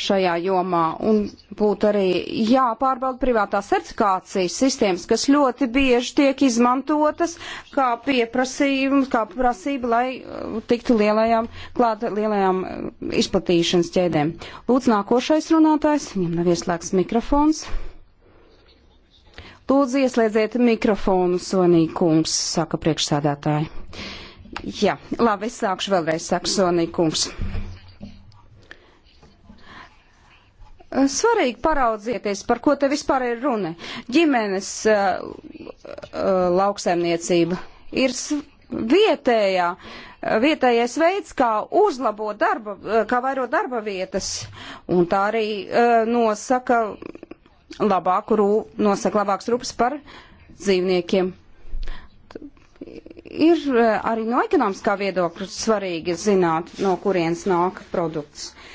šajā jomā un būtu arī jāpārbauda privātā certifikācijas sistēmas, kas ļoti bieži tiek izmantotas kā pieprasījums, kā prasība, lai uh, tiktu lielajām, klāt lielajām uh, izplatīšanas ķēdēm. Lūdzu, nākošais runātājs, viņam nav ieslēgts mikrofons. Lūdzu, ieslēdziet mikrofonu, Sonīkums, saka priekšsādātāji. Jā, labi, es sākšu vēlreiz, saka Sonīkums. kungs. Eh, svarīgi paraudzieties, par ko te vispār ir runa. Ģimenes uh, lauksaimniecība ir vietējā, vietējais veids, kā uzlabot darba, kā vairot darba vietas, un tā arī uh, nosaka labāku rū, nosaka labāks rūpes par dzīvniekiem. Ir uh, arī no ekonomiskā viedokļa svarīgi zināt, no kurienes nāk produkts. Uh,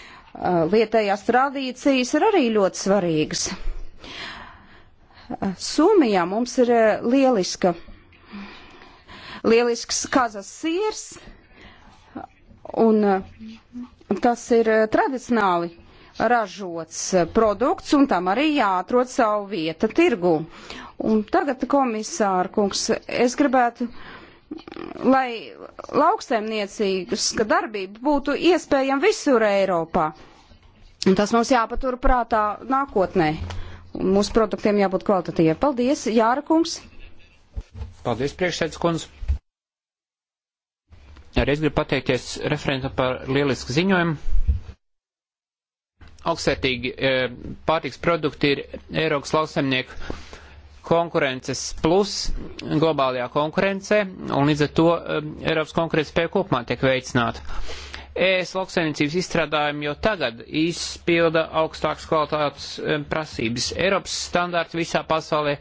vietējās eh, tradīcijas ir arī ļoti svarīgas. Eh, Somijā mums ir eh, lieliska, lielisks kazas sirs, un tas ir tradicionāli ražots produkts, un tam arī jāatrod savu vieta tirgu. Un tagad, komisāra kungs, es gribētu uh, lai lauksaimniecīgas darbība būtu iespējama visur Eiropā. Un tas mums jāpatur prātā nākotnē. Mūsu produktiem jābūt kvalitatīviem. Paldies, Jāra kungs! Paldies, priekšsēdus kundz! Arī es gribu pateikties referentam par lielisku ziņojumu. Augstsvērtīgi eh, pārtiks produkti ir Eiropas lauksaimnieku konkurences plus globālajā konkurencē, un līdz ar to um, Eiropas konkurences spēja kopumā tiek veicināta. ES lauksaimniecības izstrādājumi jau tagad izpilda augstākas kvalitātes um, prasības. Eiropas standārti visā pasaulē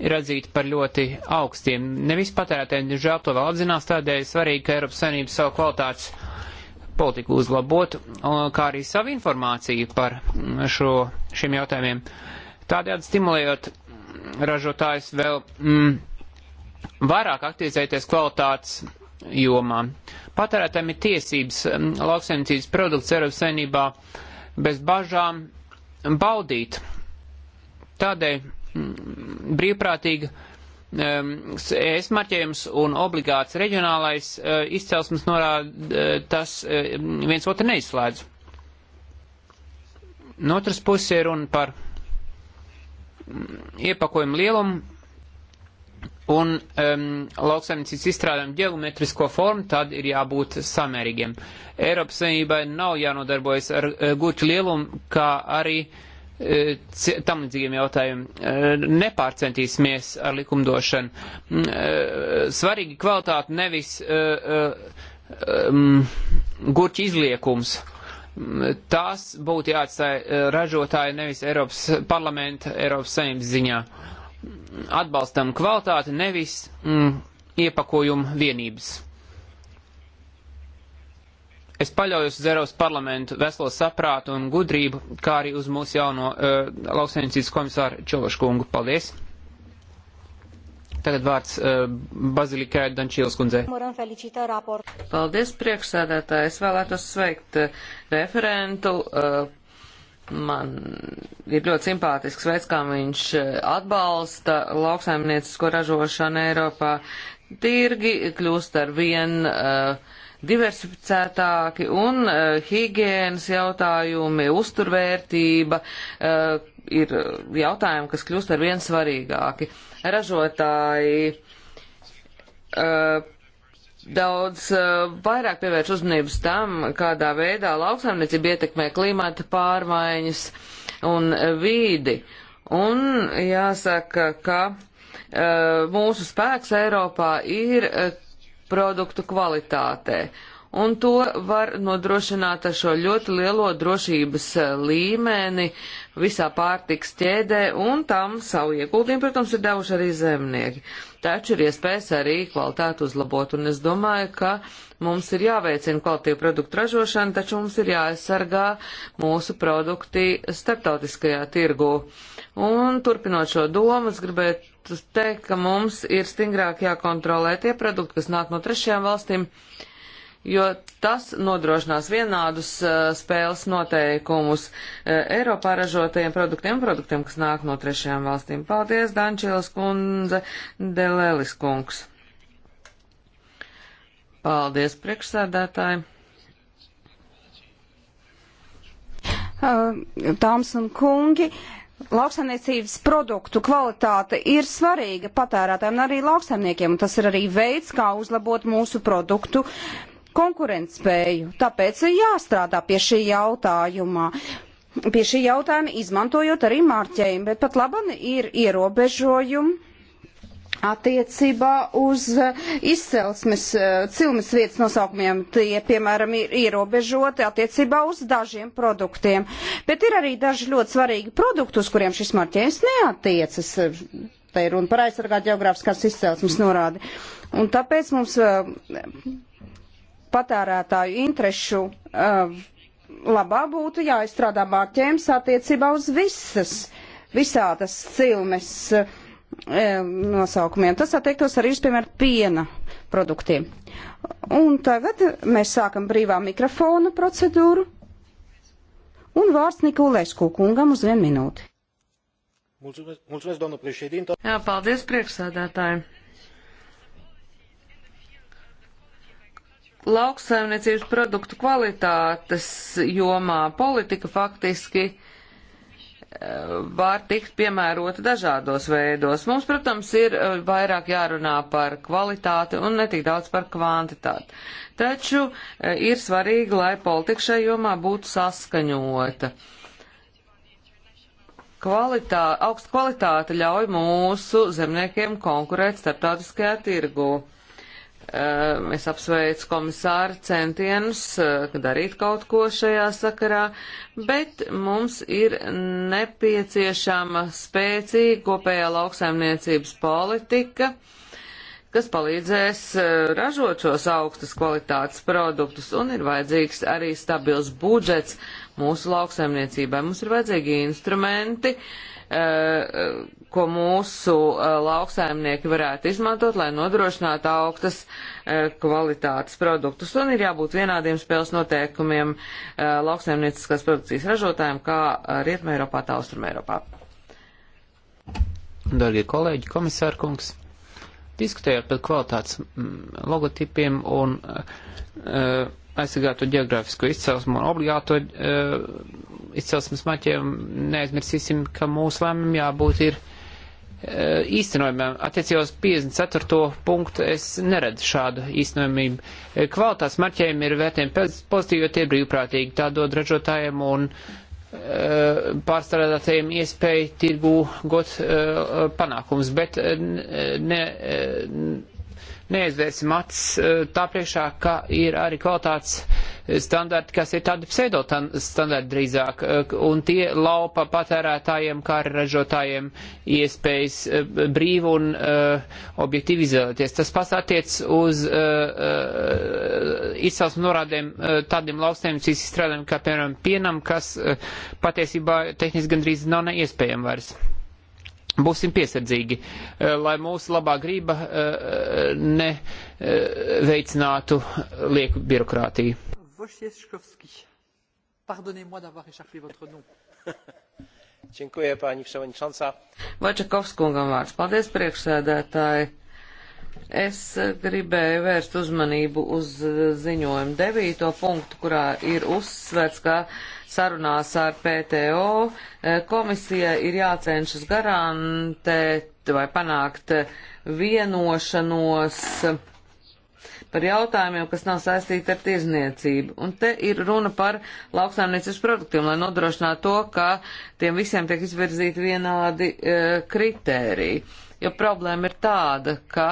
ir atzīti par ļoti augstiem. Nevis patērētēji, diemžēl, to vēl apzinās, tādēļ svarīgi, ka Eiropas saimnības savu kvalitātes politiku uzlabotu, kā arī savu informāciju par mm, šo, šiem jautājumiem. Tādējādi stimulējot ražotājus vēl mm, vairāk aktivizēties kvalitātes jomā. Patērētājiem ir tiesības mm, lauksaimniecības produkts Eiropas saimnībā bez bažām baudīt. Tādēļ mm, brīvprātīga mm, ES marķējums un obligāts reģionālais mm, izcelsmes norāda, mm, tas viens otru neizslēdz. No otras puses ir runa par iepakojumu lielumu un um, lauksaimniecības izstrādājumu geometrisko formu, tad ir jābūt samērīgiem. Eiropas Savienībai nav jānodarbojas ar uh, e, gurķu lielumu, kā arī uh, tam līdzīgiem jautājumiem. Uh, nepārcentīsimies ar likumdošanu. Uh, svarīgi kvalitāte nevis uh, uh, um, gurķu izliekums. Uh, Tās būtu jāatstāja eh, ražotāji nevis Eiropas parlamenta, Eiropas saimnes ziņā. Atbalstam kvalitāti, nevis mm, iepakojumu vienības. Es paļaujos uz Eiropas parlamentu veselo saprātu un gudrību, kā arī uz mūsu jauno uh, lauksaimniecības komisāru Čološkungu. Paldies! Tagad vārds uh, eh, Bazilikai Dančīlas kundzei. Paldies, priekšsēdētāji. Es vēlētos sveikt uh, referentu. Uh, man ir ļoti simpātisks veids, kā viņš atbalsta lauksaimniecisko ražošanu Eiropā. Tirgi kļūst ar vien uh, diversificētāki un uh, higienas jautājumi, uzturvērtība uh, ir jautājumi, kas kļūst ar vien svarīgāki. Uh, ražotāji uh, daudz uh, vairāk pievērš uzmanības tam, kādā veidā lauksaimniecība ietekmē klimata pārmaiņas un vīdi. Un jāsaka, ka uh, mūsu spēks Eiropā ir produktu kvalitātē. Uh, un to var nodrošināt ar šo ļoti lielo drošības e, līmeni visā pārtiks ķēdē, un tam savu ieguldījumu, protams, ir devuši arī zemnieki. Taču ir iespējas arī kvalitāti uzlabot, un es domāju, ka mums ir jāveicina kvalitīvu produktu ražošana, taču mums ir jāaizsargā mūsu produkti starptautiskajā tirgū. Un turpinot šo domu, es gribētu teikt, ka mums ir stingrāk jākontrolē tie produkti, kas nāk no trešajām valstīm. Uh, jo tas nodrošinās vienādus eh, spēles noteikumus eh, Eiropā ražotajiem produktiem un produktiem, kas nāk no trešajām valstīm. Paldies, Dančēlas kundze, Delēlis kungs. Paldies, priekšsēdētāji. Eh, dāmas un kungi, lauksaimniecības produktu kvalitāte ir svarīga patērētājiem un arī lauksaimniekiem, un tas ir arī veids, kā uzlabot mūsu produktu konkurētspēju. Tāpēc ir jāstrādā pie šī jautājuma. Pie šī jautājuma izmantojot arī mārķējumu, bet pat labam ir ierobežojumi attiecībā uz eh, izcelsmes eh, cilmes vietas nosaukumiem. Tie, piemēram, ir ierobežoti attiecībā uz dažiem produktiem. Bet ir arī daži ļoti svarīgi produkti, uz kuriem šis marķējums neatiecas. Te ir runa par aizsargāt geogrāfiskās izcelsmes norādi. Un tāpēc mums eh, patērētāju interešu uh, labā būtu jāizstrādā mārķējums attiecībā uz visas, visādas cilmes uh, nosaukumiem. Tas attiektos arī, piemēram, piena produktiem. Un tagad mēs sākam brīvā mikrofona procedūru. Un vārds Nikolēsku kungam uz vienu minūti. Mulțumesc, mulțumesc, doamnă președintă. Jā, paldies, priekšsēdētāji. lauksaimniecības produktu kvalitātes jomā politika faktiski eh, var tikt piemērota dažādos veidos. Mums, protams, ir eh, vairāk jārunā par kvalitāti un netik daudz par kvantitāti. Taču eh, ir svarīgi, lai politika šajā jomā būtu saskaņota. Kvalitā, augsta kvalitāte ļauj mūsu zemniekiem konkurēt starptautiskajā tirgu. Es apsveicu komisāru centienus darīt kaut ko šajā sakarā, bet mums ir nepieciešama spēcīga kopējā lauksaimniecības politika, kas palīdzēs ražot šos augstas kvalitātes produktus, un ir vajadzīgs arī stabils budžets mūsu lauksaimniecībai. Mums ir vajadzīgi instrumenti, ko mūsu eh, lauksaimnieki varētu izmantot, lai nodrošinātu augstas eh, kvalitātes produktus. Un ir jābūt vienādiem spēles noteikumiem eh, lauksaimnieciskās produkcijas ražotājiem, kā Rietumē Eiropā, tā Austrumē Eiropā. Darbie kolēģi, komisārkungs! diskutējot par kvalitātes mm, logotipiem un uh, aizsargāto geogrāfisko izcelsmu un obligāto uh, izcelsmes maķiem, neaizmirsīsim, ka mūsu lēmumam jābūt ir uh, Eh, īstenojumam. Attiecībā uz 54. punktu es neredzu šādu īstenojumību. Eh, kvalitātes marķējumi ir vērtējumi pozitīvi, jo tie brīvprātīgi tā dod ražotājiem un eh, pārstrādātajiem iespēju tirgū got panākums, bet ne, neaizvērsim acis eh, tā priekšā, ka ir arī kvalitātes eh, standarti, kas ir tādi pseidostandarti drīzāk, eh, un tie laupa patērētājiem, kā arī ražotājiem iespējas brīvi un uh, objektīvi izvēlēties. Tas pats attiec uz uh, uh, izcelsmu norādēm tādiem lauksnēmniecības izstrādēm, kā piemēram pienam, kas patiesībā tehniski gandrīz nav neiespējami vairs. Būsim piesardzīgi, eh, lai mūsu labā grība eh, neveicinātu eh, lieku birokrātiju. Dziękuję pani przewodnicząca. Vačakovskungam vārds. Paldies priekšsēdētāji. Es gribēju vērst uzmanību uz ziņojumu devīto punktu, kurā ir uzsvērts, ka sarunās ar PTO eh, komisija ir jācenšas garantēt vai panākt vienošanos par jautājumiem, kas nav saistīti ar tirzniecību. Un te ir runa par lauksaimniecības produktiem, lai nodrošinātu to, ka tiem visiem tiek izvirzīti vienādi e, kritēriji. Jo problēma ir tāda, ka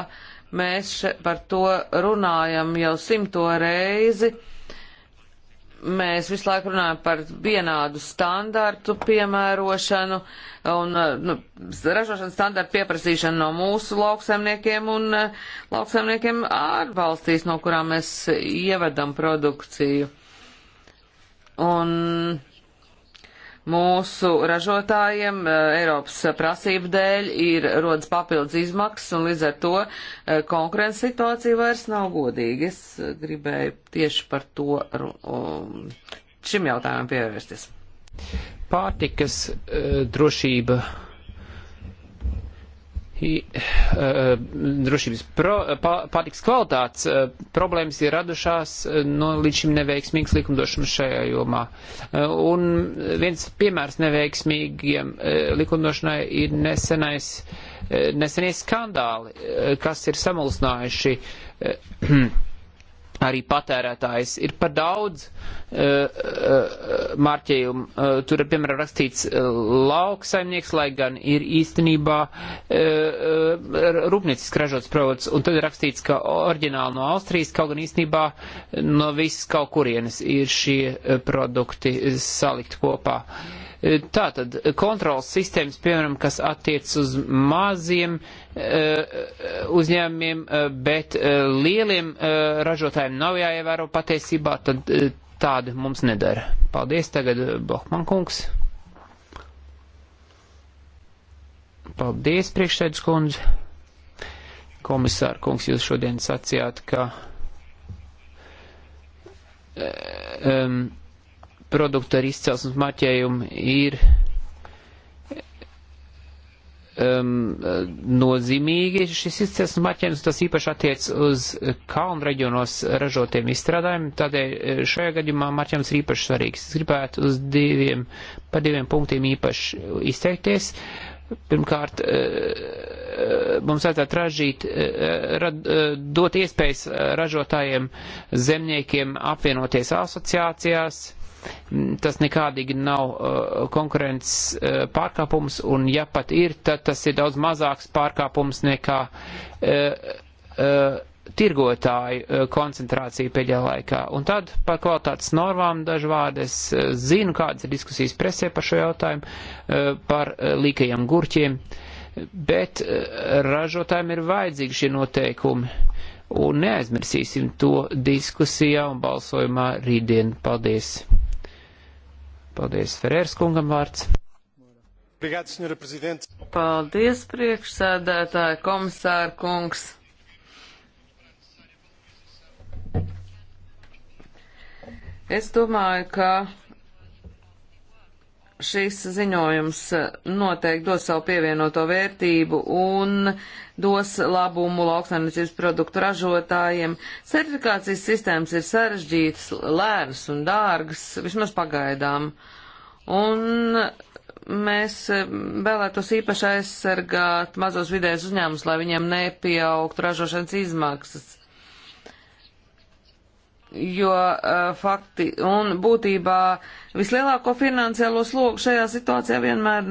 mēs par to runājam jau simto reizi. E, mēs visu laiku runājam par vienādu standartu piemērošanu un eh, nu, ražošanas standartu pieprasīšanu no mūsu lauksaimniekiem un eh, lauksaimniekiem ārvalstīs, no kurām mēs ievedam produkciju. Un mūsu ražotājiem eh, Eiropas prasību dēļ ir rodas papildus izmaksas, un līdz ar to eh, konkurences situācija vairs nav godīga. Es eh, gribēju tieši par to šim jautājumam pievērsties. Pārtikas drošība Eh, eh, drošības pro, eh, pa, pārtiks kvalitātes problēmas ir radušās no līdz šim neveiksmīgas likumdošanas šajā jomā. Un viens piemērs neveiksmīgiem likumdošanai ir nesenais, nesenie skandāli, kas ir samulsinājuši arī patērētājs. Ir par daudz uh, uh, marķējumu. Uh, tur ir, piemēram, rakstīts uh, lauksaimnieks, lai gan ir īstenībā uh, rūpniecisks ražots produkts, un tad ir rakstīts, ka oriģināli no Austrijas, kaut gan īstenībā no visas kaut kurienes ir šie produkti salikt kopā. Uh, Tātad kontrols sistēmas, piemēram, kas attiec uz maziem Uh, uh, uzņēmumiem, uh, bet lieliem ražotājiem nav jāievēro patiesībā, tad tādi mums nedara. Paldies tagad, Blokman kungs. Paldies, priekšsēdus kundze. Komisāra kungs, jūs šodien sacījāt, ka um, produktu ar izcelsmes marķējumu ir um, nozīmīgi. Šis izcelsmes maķēns tas īpaši attiec uz kalnu reģionos ražotiem izstrādājumiem, tādēļ eh, šajā gadījumā maķēns ir īpaši svarīgs. Es gribētu uz diviem, par diviem punktiem īpaši izteikties. Pirmkārt, eh, mums vajadzētu ražīt, eh, rad, dot iespējas ražotājiem, zemniekiem apvienoties asociācijās, tas nekādīgi nav uh, konkurences uh, pārkāpums, un ja pat ir, tad tas ir daudz mazāks pārkāpums nekā uh, uh, tirgotāju uh, koncentrācija pēdējā laikā. Un tad par kvalitātes normām dažu vārdu es uh, zinu, kādas ir diskusijas presē par šo jautājumu, uh, par uh, līkajiem gurķiem, bet uh, ražotājiem ir vajadzīgi šie noteikumi. Un neaizmirsīsim to diskusijā un balsojumā rītdien. Paldies! Paldies, Ferērs kungam vārds. Paldies, priekšsēdētāji, komisāra kungs. Es domāju, ka šis ziņojums eh, noteikti dos savu pievienoto vērtību un dos labumu lauksainicības produktu ražotājiem. Certifikācijas sistēmas ir sarežģītas, lēnas un dārgas, vismaz pagaidām. Un mēs eh, vēlētos īpaši aizsargāt mazos vidējos uzņēmumus, lai viņiem nepieaugtu ražošanas izmaksas jo uh, fakti un būtībā vislielāko finansiālo slogu šajā situācijā vienmēr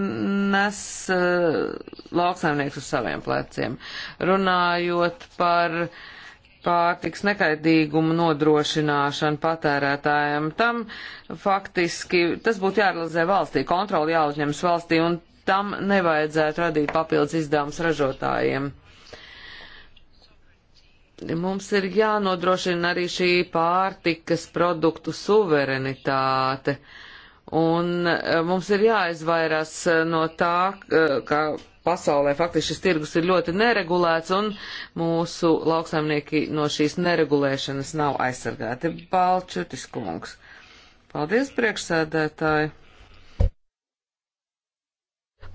nes uh, lauksaimnieks uz saviem pleciem. Runājot par pārtiks nekaitīgumu nodrošināšanu patērētājiem, tam faktiski tas būtu jārealizē valstī, kontroli jāuzņemas valstī un tam nevajadzētu radīt papildus izdevumus ražotājiem mums ir jānodrošina arī šī pārtikas produktu suverenitāte. Un eh, mums ir jāizvairās eh, no tā, eh, ka pasaulē faktiski šis tirgus ir ļoti neregulēts un mūsu lauksaimnieki no šīs neregulēšanas nav aizsargāti. Balčutis kungs. Paldies, priekšsēdētāji!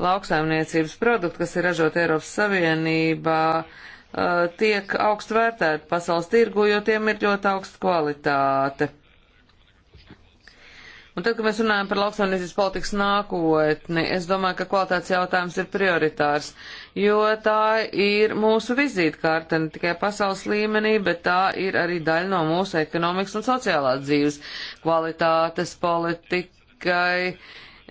Lauksaimniecības produkti, kas ir ražot Eiropas Savienībā, uh, Uh, tiek augstu vērtēti pasaules tirgu, jo tiem ir ļoti augsta kvalitāte. Un tad, kad mēs runājam par lauksaimniecības politikas nākotni, es domāju, ka kvalitātes jautājums ir prioritārs, jo tā ir mūsu vizītkārta ne tikai pasaules līmenī, bet tā ir arī daļa no mūsu ekonomikas un sociālās dzīves kvalitātes politikai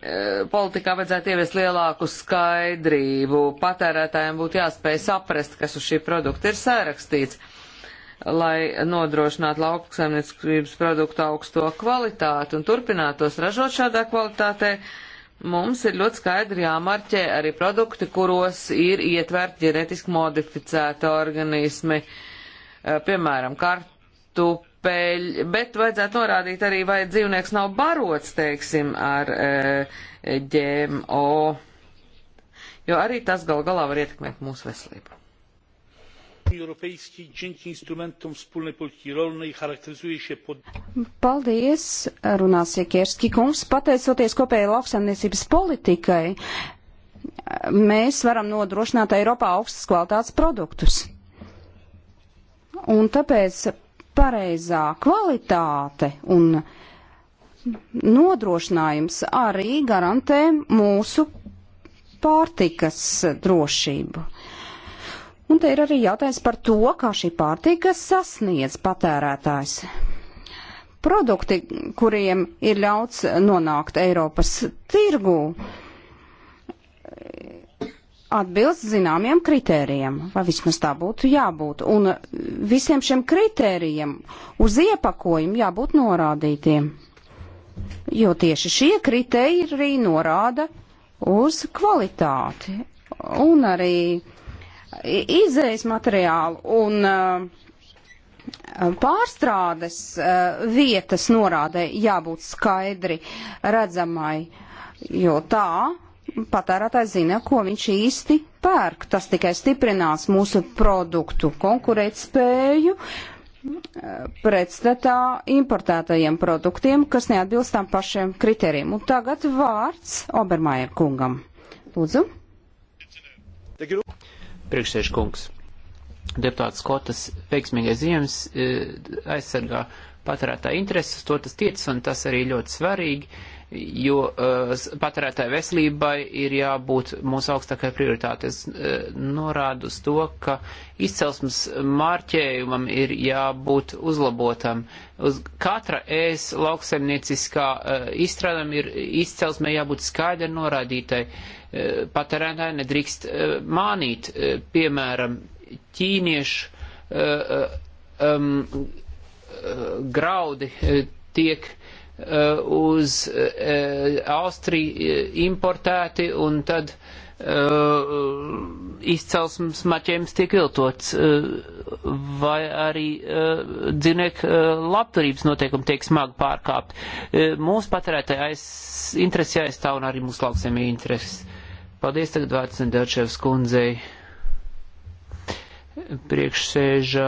Eh, politikā vajadzētu ieviest lielāku skaidrību. Patērētājiem būtu jāspēj saprast, kas uz šī produkta ir sērakstīts, lai nodrošinātu lauksaimniecības produktu augsto kvalitāti un turpinātos ražot šādā kvalitātē. Mums ir ļoti skaidri jāmarķē arī produkti, kuros ir ietverti ģenetiski modificēti organismi, eh, piemēram, kartupi Pēļ, bet vajadzētu norādīt arī, vai dzīvnieks nav barots, teiksim, ar e, ģēmo, jo arī tas gal galā var ietekmēt mūsu veselību. Paldies, runās Iekierski kungs. Pateicoties kopējai lauksaimniecības politikai, mēs varam nodrošināt Eiropā augstas kvalitātes produktus. Un tāpēc pareizā kvalitāte un nodrošinājums arī garantē mūsu pārtikas drošību. Un te ir arī jautājums par to, kā šī pārtika sasniedz patērētājs. Produkti, kuriem ir ļauts nonākt Eiropas tirgū, atbilst zināmiem kritērijiem, vai vismaz tā būtu jābūt. Un visiem šiem kritērijiem uz iepakojumu jābūt norādītiem. Jo tieši šie kritēji arī norāda uz kvalitāti un arī izējas materiālu un uh, pārstrādes uh, vietas norādē jābūt skaidri redzamai, jo tā patērētājs zina, ko viņš īsti pērk. Tas tikai stiprinās mūsu produktu konkurētspēju eh, pretstatā importētajiem produktiem, kas neatbilst tam pašiem kriterijiem. Un tagad vārds Obermajer kungam. Lūdzu. Priekšsēž kungs. Deputāts Skotas veiksmīgais ziemas eh, aizsargā patērētāja intereses, to tas tiec, un tas arī ļoti svarīgi jo uh, patērētāju veselībai ir jābūt mūsu augstākai prioritāte. Es uh, norādu uz to, ka izcelsmes mārķējumam ir jābūt uzlabotam. Uz katra ēs lauksaimnieciskā uh, eh, izstrādam ir izcelsme jābūt skaidri norādītai. Uh, patērētāji nedrīkst uh, mānīt, uh, piemēram, ķīniešu uh, um, uh, graudi uh, tiek Uh, uz uh, Austriju uh, importēti un tad izcelsmes maķēms tiek viltots, vai arī dzīvnieku labturības noteikumi tiek smagi pārkāpti. Mūsu patērētāja aiz, interesi aizstāv un arī mūsu lauksiemie interesi. Paldies tagad Vārtsne Delčevs kundzei. Priekšsēža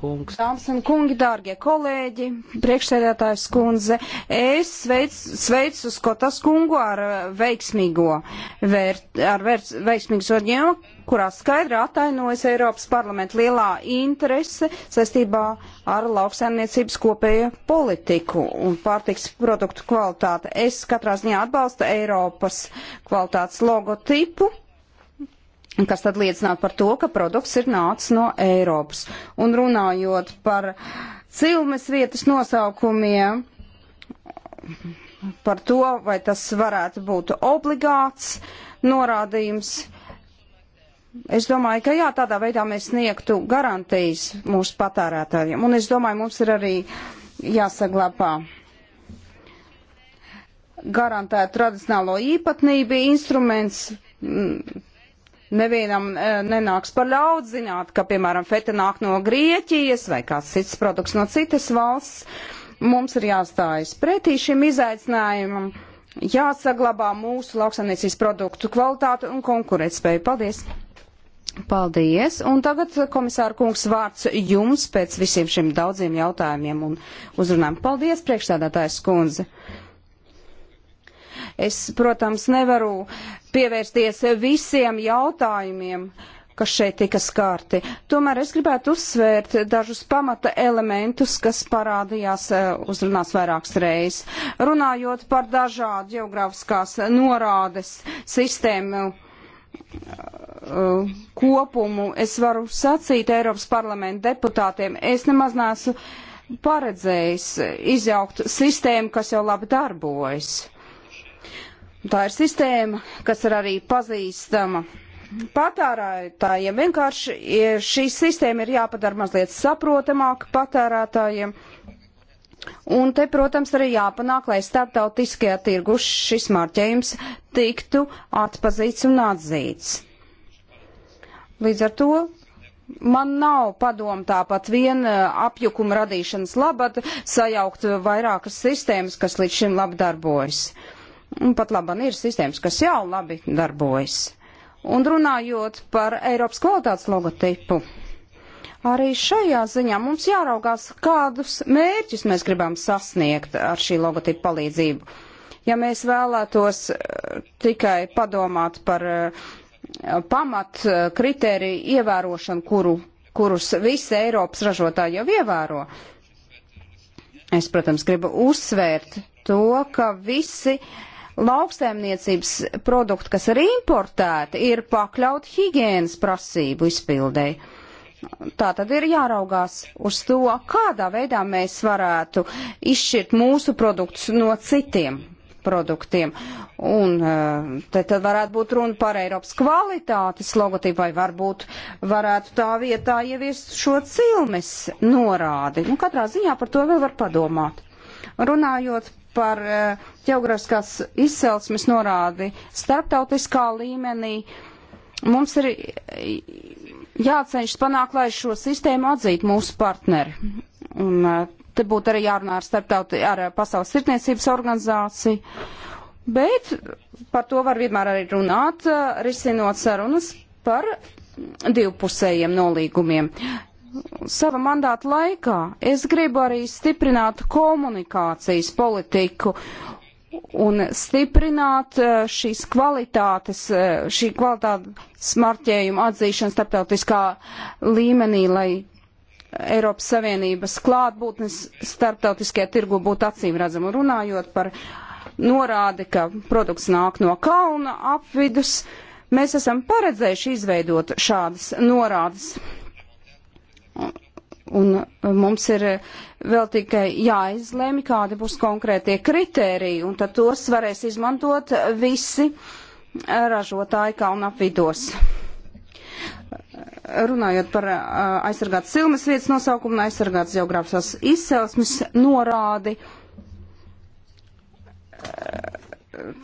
kungs. Dāmas un kungi, dārgie kolēģi, priekšsēdētājs kundze, es sveicu, sveicu Skotas kungu ar veiksmīgo, vērt, ar vērt, veiksmīgu soģiem, kurā skaidri atainojas Eiropas parlamenta lielā interese saistībā ar lauksaimniecības kopējo politiku un pārtiks produktu kvalitāti. Es katrā ziņā atbalstu Eiropas kvalitātes logotipu kas tad liecinātu par to, ka produkts ir nācis no Eiropas. Un runājot par cilmes vietas nosaukumiem, par to, vai tas varētu būt obligāts norādījums, es domāju, ka jā, tādā veidā mēs sniegtu garantijas mūsu patērētājiem. Un es domāju, mums ir arī jāsaglabā garantēt tradicionālo īpatnību instruments nevienam e, nenāks par ļaudz zināt, ka, piemēram, feta nāk no Grieķijas vai kāds cits produkts no citas valsts. Mums ir jāstājas pretī šim izaicinājumam, jāsaglabā mūsu lauksaimniecības produktu kvalitāte un konkurētspēju. Paldies! Paldies! Un tagad, komisāra kungs, vārds jums pēc visiem šiem daudziem jautājumiem un uzrunām. Paldies, priekšstādātājs kundze! Es, protams, nevaru pievērsties visiem jautājumiem, kas šeit tika skārti. Tomēr es gribētu uzsvērt dažus pamata elementus, kas parādījās eh, uzrunās vairākas reizes. Runājot par dažādu geogrāfiskās norādes sistēmu eh, kopumu, es varu sacīt Eiropas parlamenta deputātiem, es nemaz neesmu paredzējis izjaukt sistēmu, kas jau labi darbojas. Tā ir sistēma, kas ir arī pazīstama patērētājiem. Vienkārši šī sistēma ir jāpadara mazliet saprotamāka patērētājiem. Un te, protams, arī jāpanāk, lai starptautiskajā tirgu šis marķējums tiktu atpazīts un atzīts. Līdz ar to man nav padoma tāpat vien eh, apjukuma radīšanas labad sajaukt vairākas sistēmas, kas līdz šim labdarbojas. darbojas Un pat labam ir sistēmas, kas jau labi darbojas. Un runājot par Eiropas kvalitātes logotipu, arī šajā ziņā mums jāraugās, kādus mērķus mēs gribam sasniegt ar šī logotipa palīdzību. Ja mēs vēlētos eh, tikai padomāt par eh, pamat eh, kritēriju ievērošanu, kuru, kurus visi Eiropas ražotāji jau ievēro, es, protams, gribu uzsvērt to, ka visi uh, lauksēmniecības produkti, kas ir importēti, ir pakļauti higiēnas prasību izpildēji. Tā tad ir jāraugās uz to, kādā veidā mēs varētu izšķirt mūsu produktus no citiem produktiem. Un eh, te tad varētu būt runa par Eiropas kvalitātes logotipu, vai varbūt varētu tā vietā ieviest šo cilmes norādi. Nu, katrā ziņā par to vēl var padomāt. Runājot par eh, ģeogrāfiskās izcelsmes norādi starptautiskā līmenī. Mums ir jāceņš panākt, lai šo sistēmu atzītu mūsu partneri. Un eh, te būtu arī jārunā ar, starptauti, ar eh, Pasaules tirtniecības organizāciju. Bet par to var vienmēr arī runāt, risinot sarunas par divpusējiem nolīgumiem sava mandāta laikā. Es gribu arī stiprināt komunikācijas politiku un stiprināt eh, šīs kvalitātes, eh, šī kvalitātes marķējuma atzīšanu starptautiskā līmenī, lai Eiropas Savienības klātbūtnes starptautiskajā tirgu būtu acīm redzama. Runājot par norādi, ka produkts nāk no kalna apvidus, mēs esam paredzējuši izveidot šādas norādes Un uh, mums ir uh, vēl tikai jāizlēmi, kādi būs konkrētie kritēriji, un tad tos varēs izmantot visi ražotāji kalna apvidos. Runājot par uh, aizsargātas silmes vietas nosaukumu un aizsargātas geogrāfiskās izcelsmes norādi,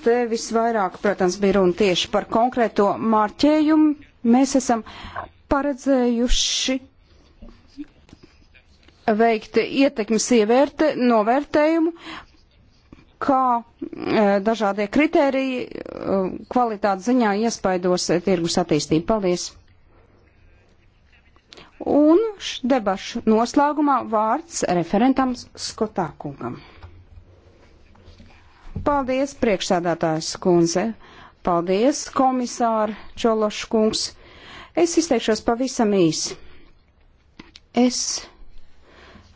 te visvairāk, protams, bija runa tieši par konkrēto mārķējumu. Mēs esam paredzējuši veikt ietekmes ievērte, novērtējumu, kā e, dažādie kritēriji e, kvalitātes ziņā iespaidos tirgus attīstību. Paldies! Un debašu noslēgumā vārds referentam Skotākungam. Paldies, priekšsēdētājs kundze. Paldies, komisāri Čološkungs. Es izteikšos pavisam īsi. Es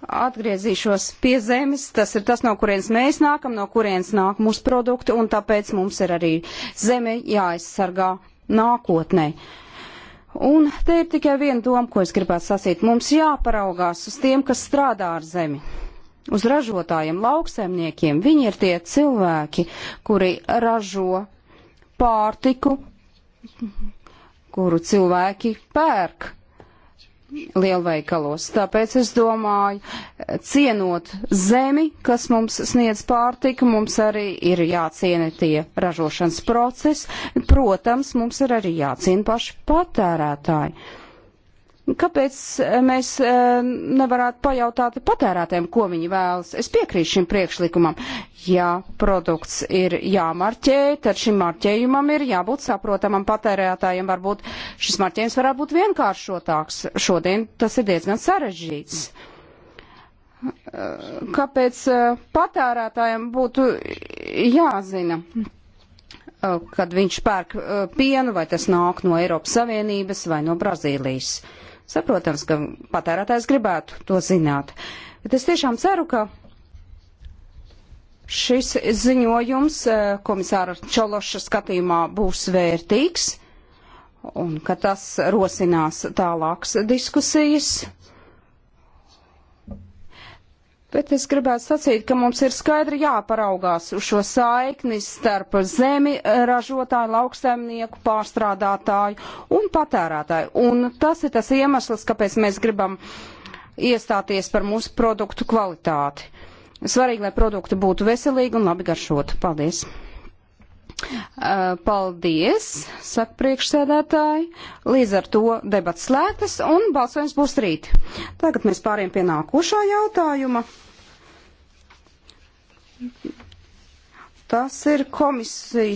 Atgriezīšos pie zemes, tas ir tas, no kurienes mēs nākam, no kurienes nāk mūsu produkti, un tāpēc mums ir arī zeme jāaizsargā nākotnē. Un te ir tikai viena doma, ko es gribētu sasīt. Mums jāparaugās uz tiem, kas strādā ar zemi uz ražotājiem, lauksaimniekiem. Viņi ir tie cilvēki, kuri ražo pārtiku, kuru cilvēki pērk lielveikalos. Tāpēc es domāju, cienot zemi, kas mums sniedz pārtika, mums arī ir jāciena tie ražošanas procesi. Protams, mums ir arī jāciena paši patērētāji. Kāpēc eh, mēs eh, nevarētu pajautāt patērētēm, ko viņi vēlas? Es piekrītu šim priekšlikumam. Ja produkts ir jāmarķē, tad šim marķējumam ir jābūt saprotamam patērētājiem. Varbūt šis marķējums varētu būt vienkāršotāks. Šodien tas ir diezgan sarežģīts eh, kāpēc patērētājiem būtu jāzina, kad viņš pērk pienu, vai tas nāk no Eiropas Savienības vai no Brazīlijas. Saprotams, ka patērētājs gribētu to zināt. Bet es tiešām ceru, ka šis ziņojums eh, komisāra Čološa skatījumā būs vērtīgs un ka tas rosinās tālākas diskusijas Bet es gribētu sacīt, ka mums ir skaidri jāparaugās uz šo saikni starp zemi ražotāju, lauksaimnieku, pārstrādātāju un patērētāju. Un tas ir tas iemesls, kāpēc mēs gribam iestāties par mūsu produktu kvalitāti. Svarīgi, lai produkti būtu veselīgi un labi garšotu. Paldies! Uh, paldies, saka priekšsēdētāji. Līdz ar to debats slēgtas un balsojums būs rīt. Tagad mēs pāriem pie nākošā jautājuma. Tas ir komisija.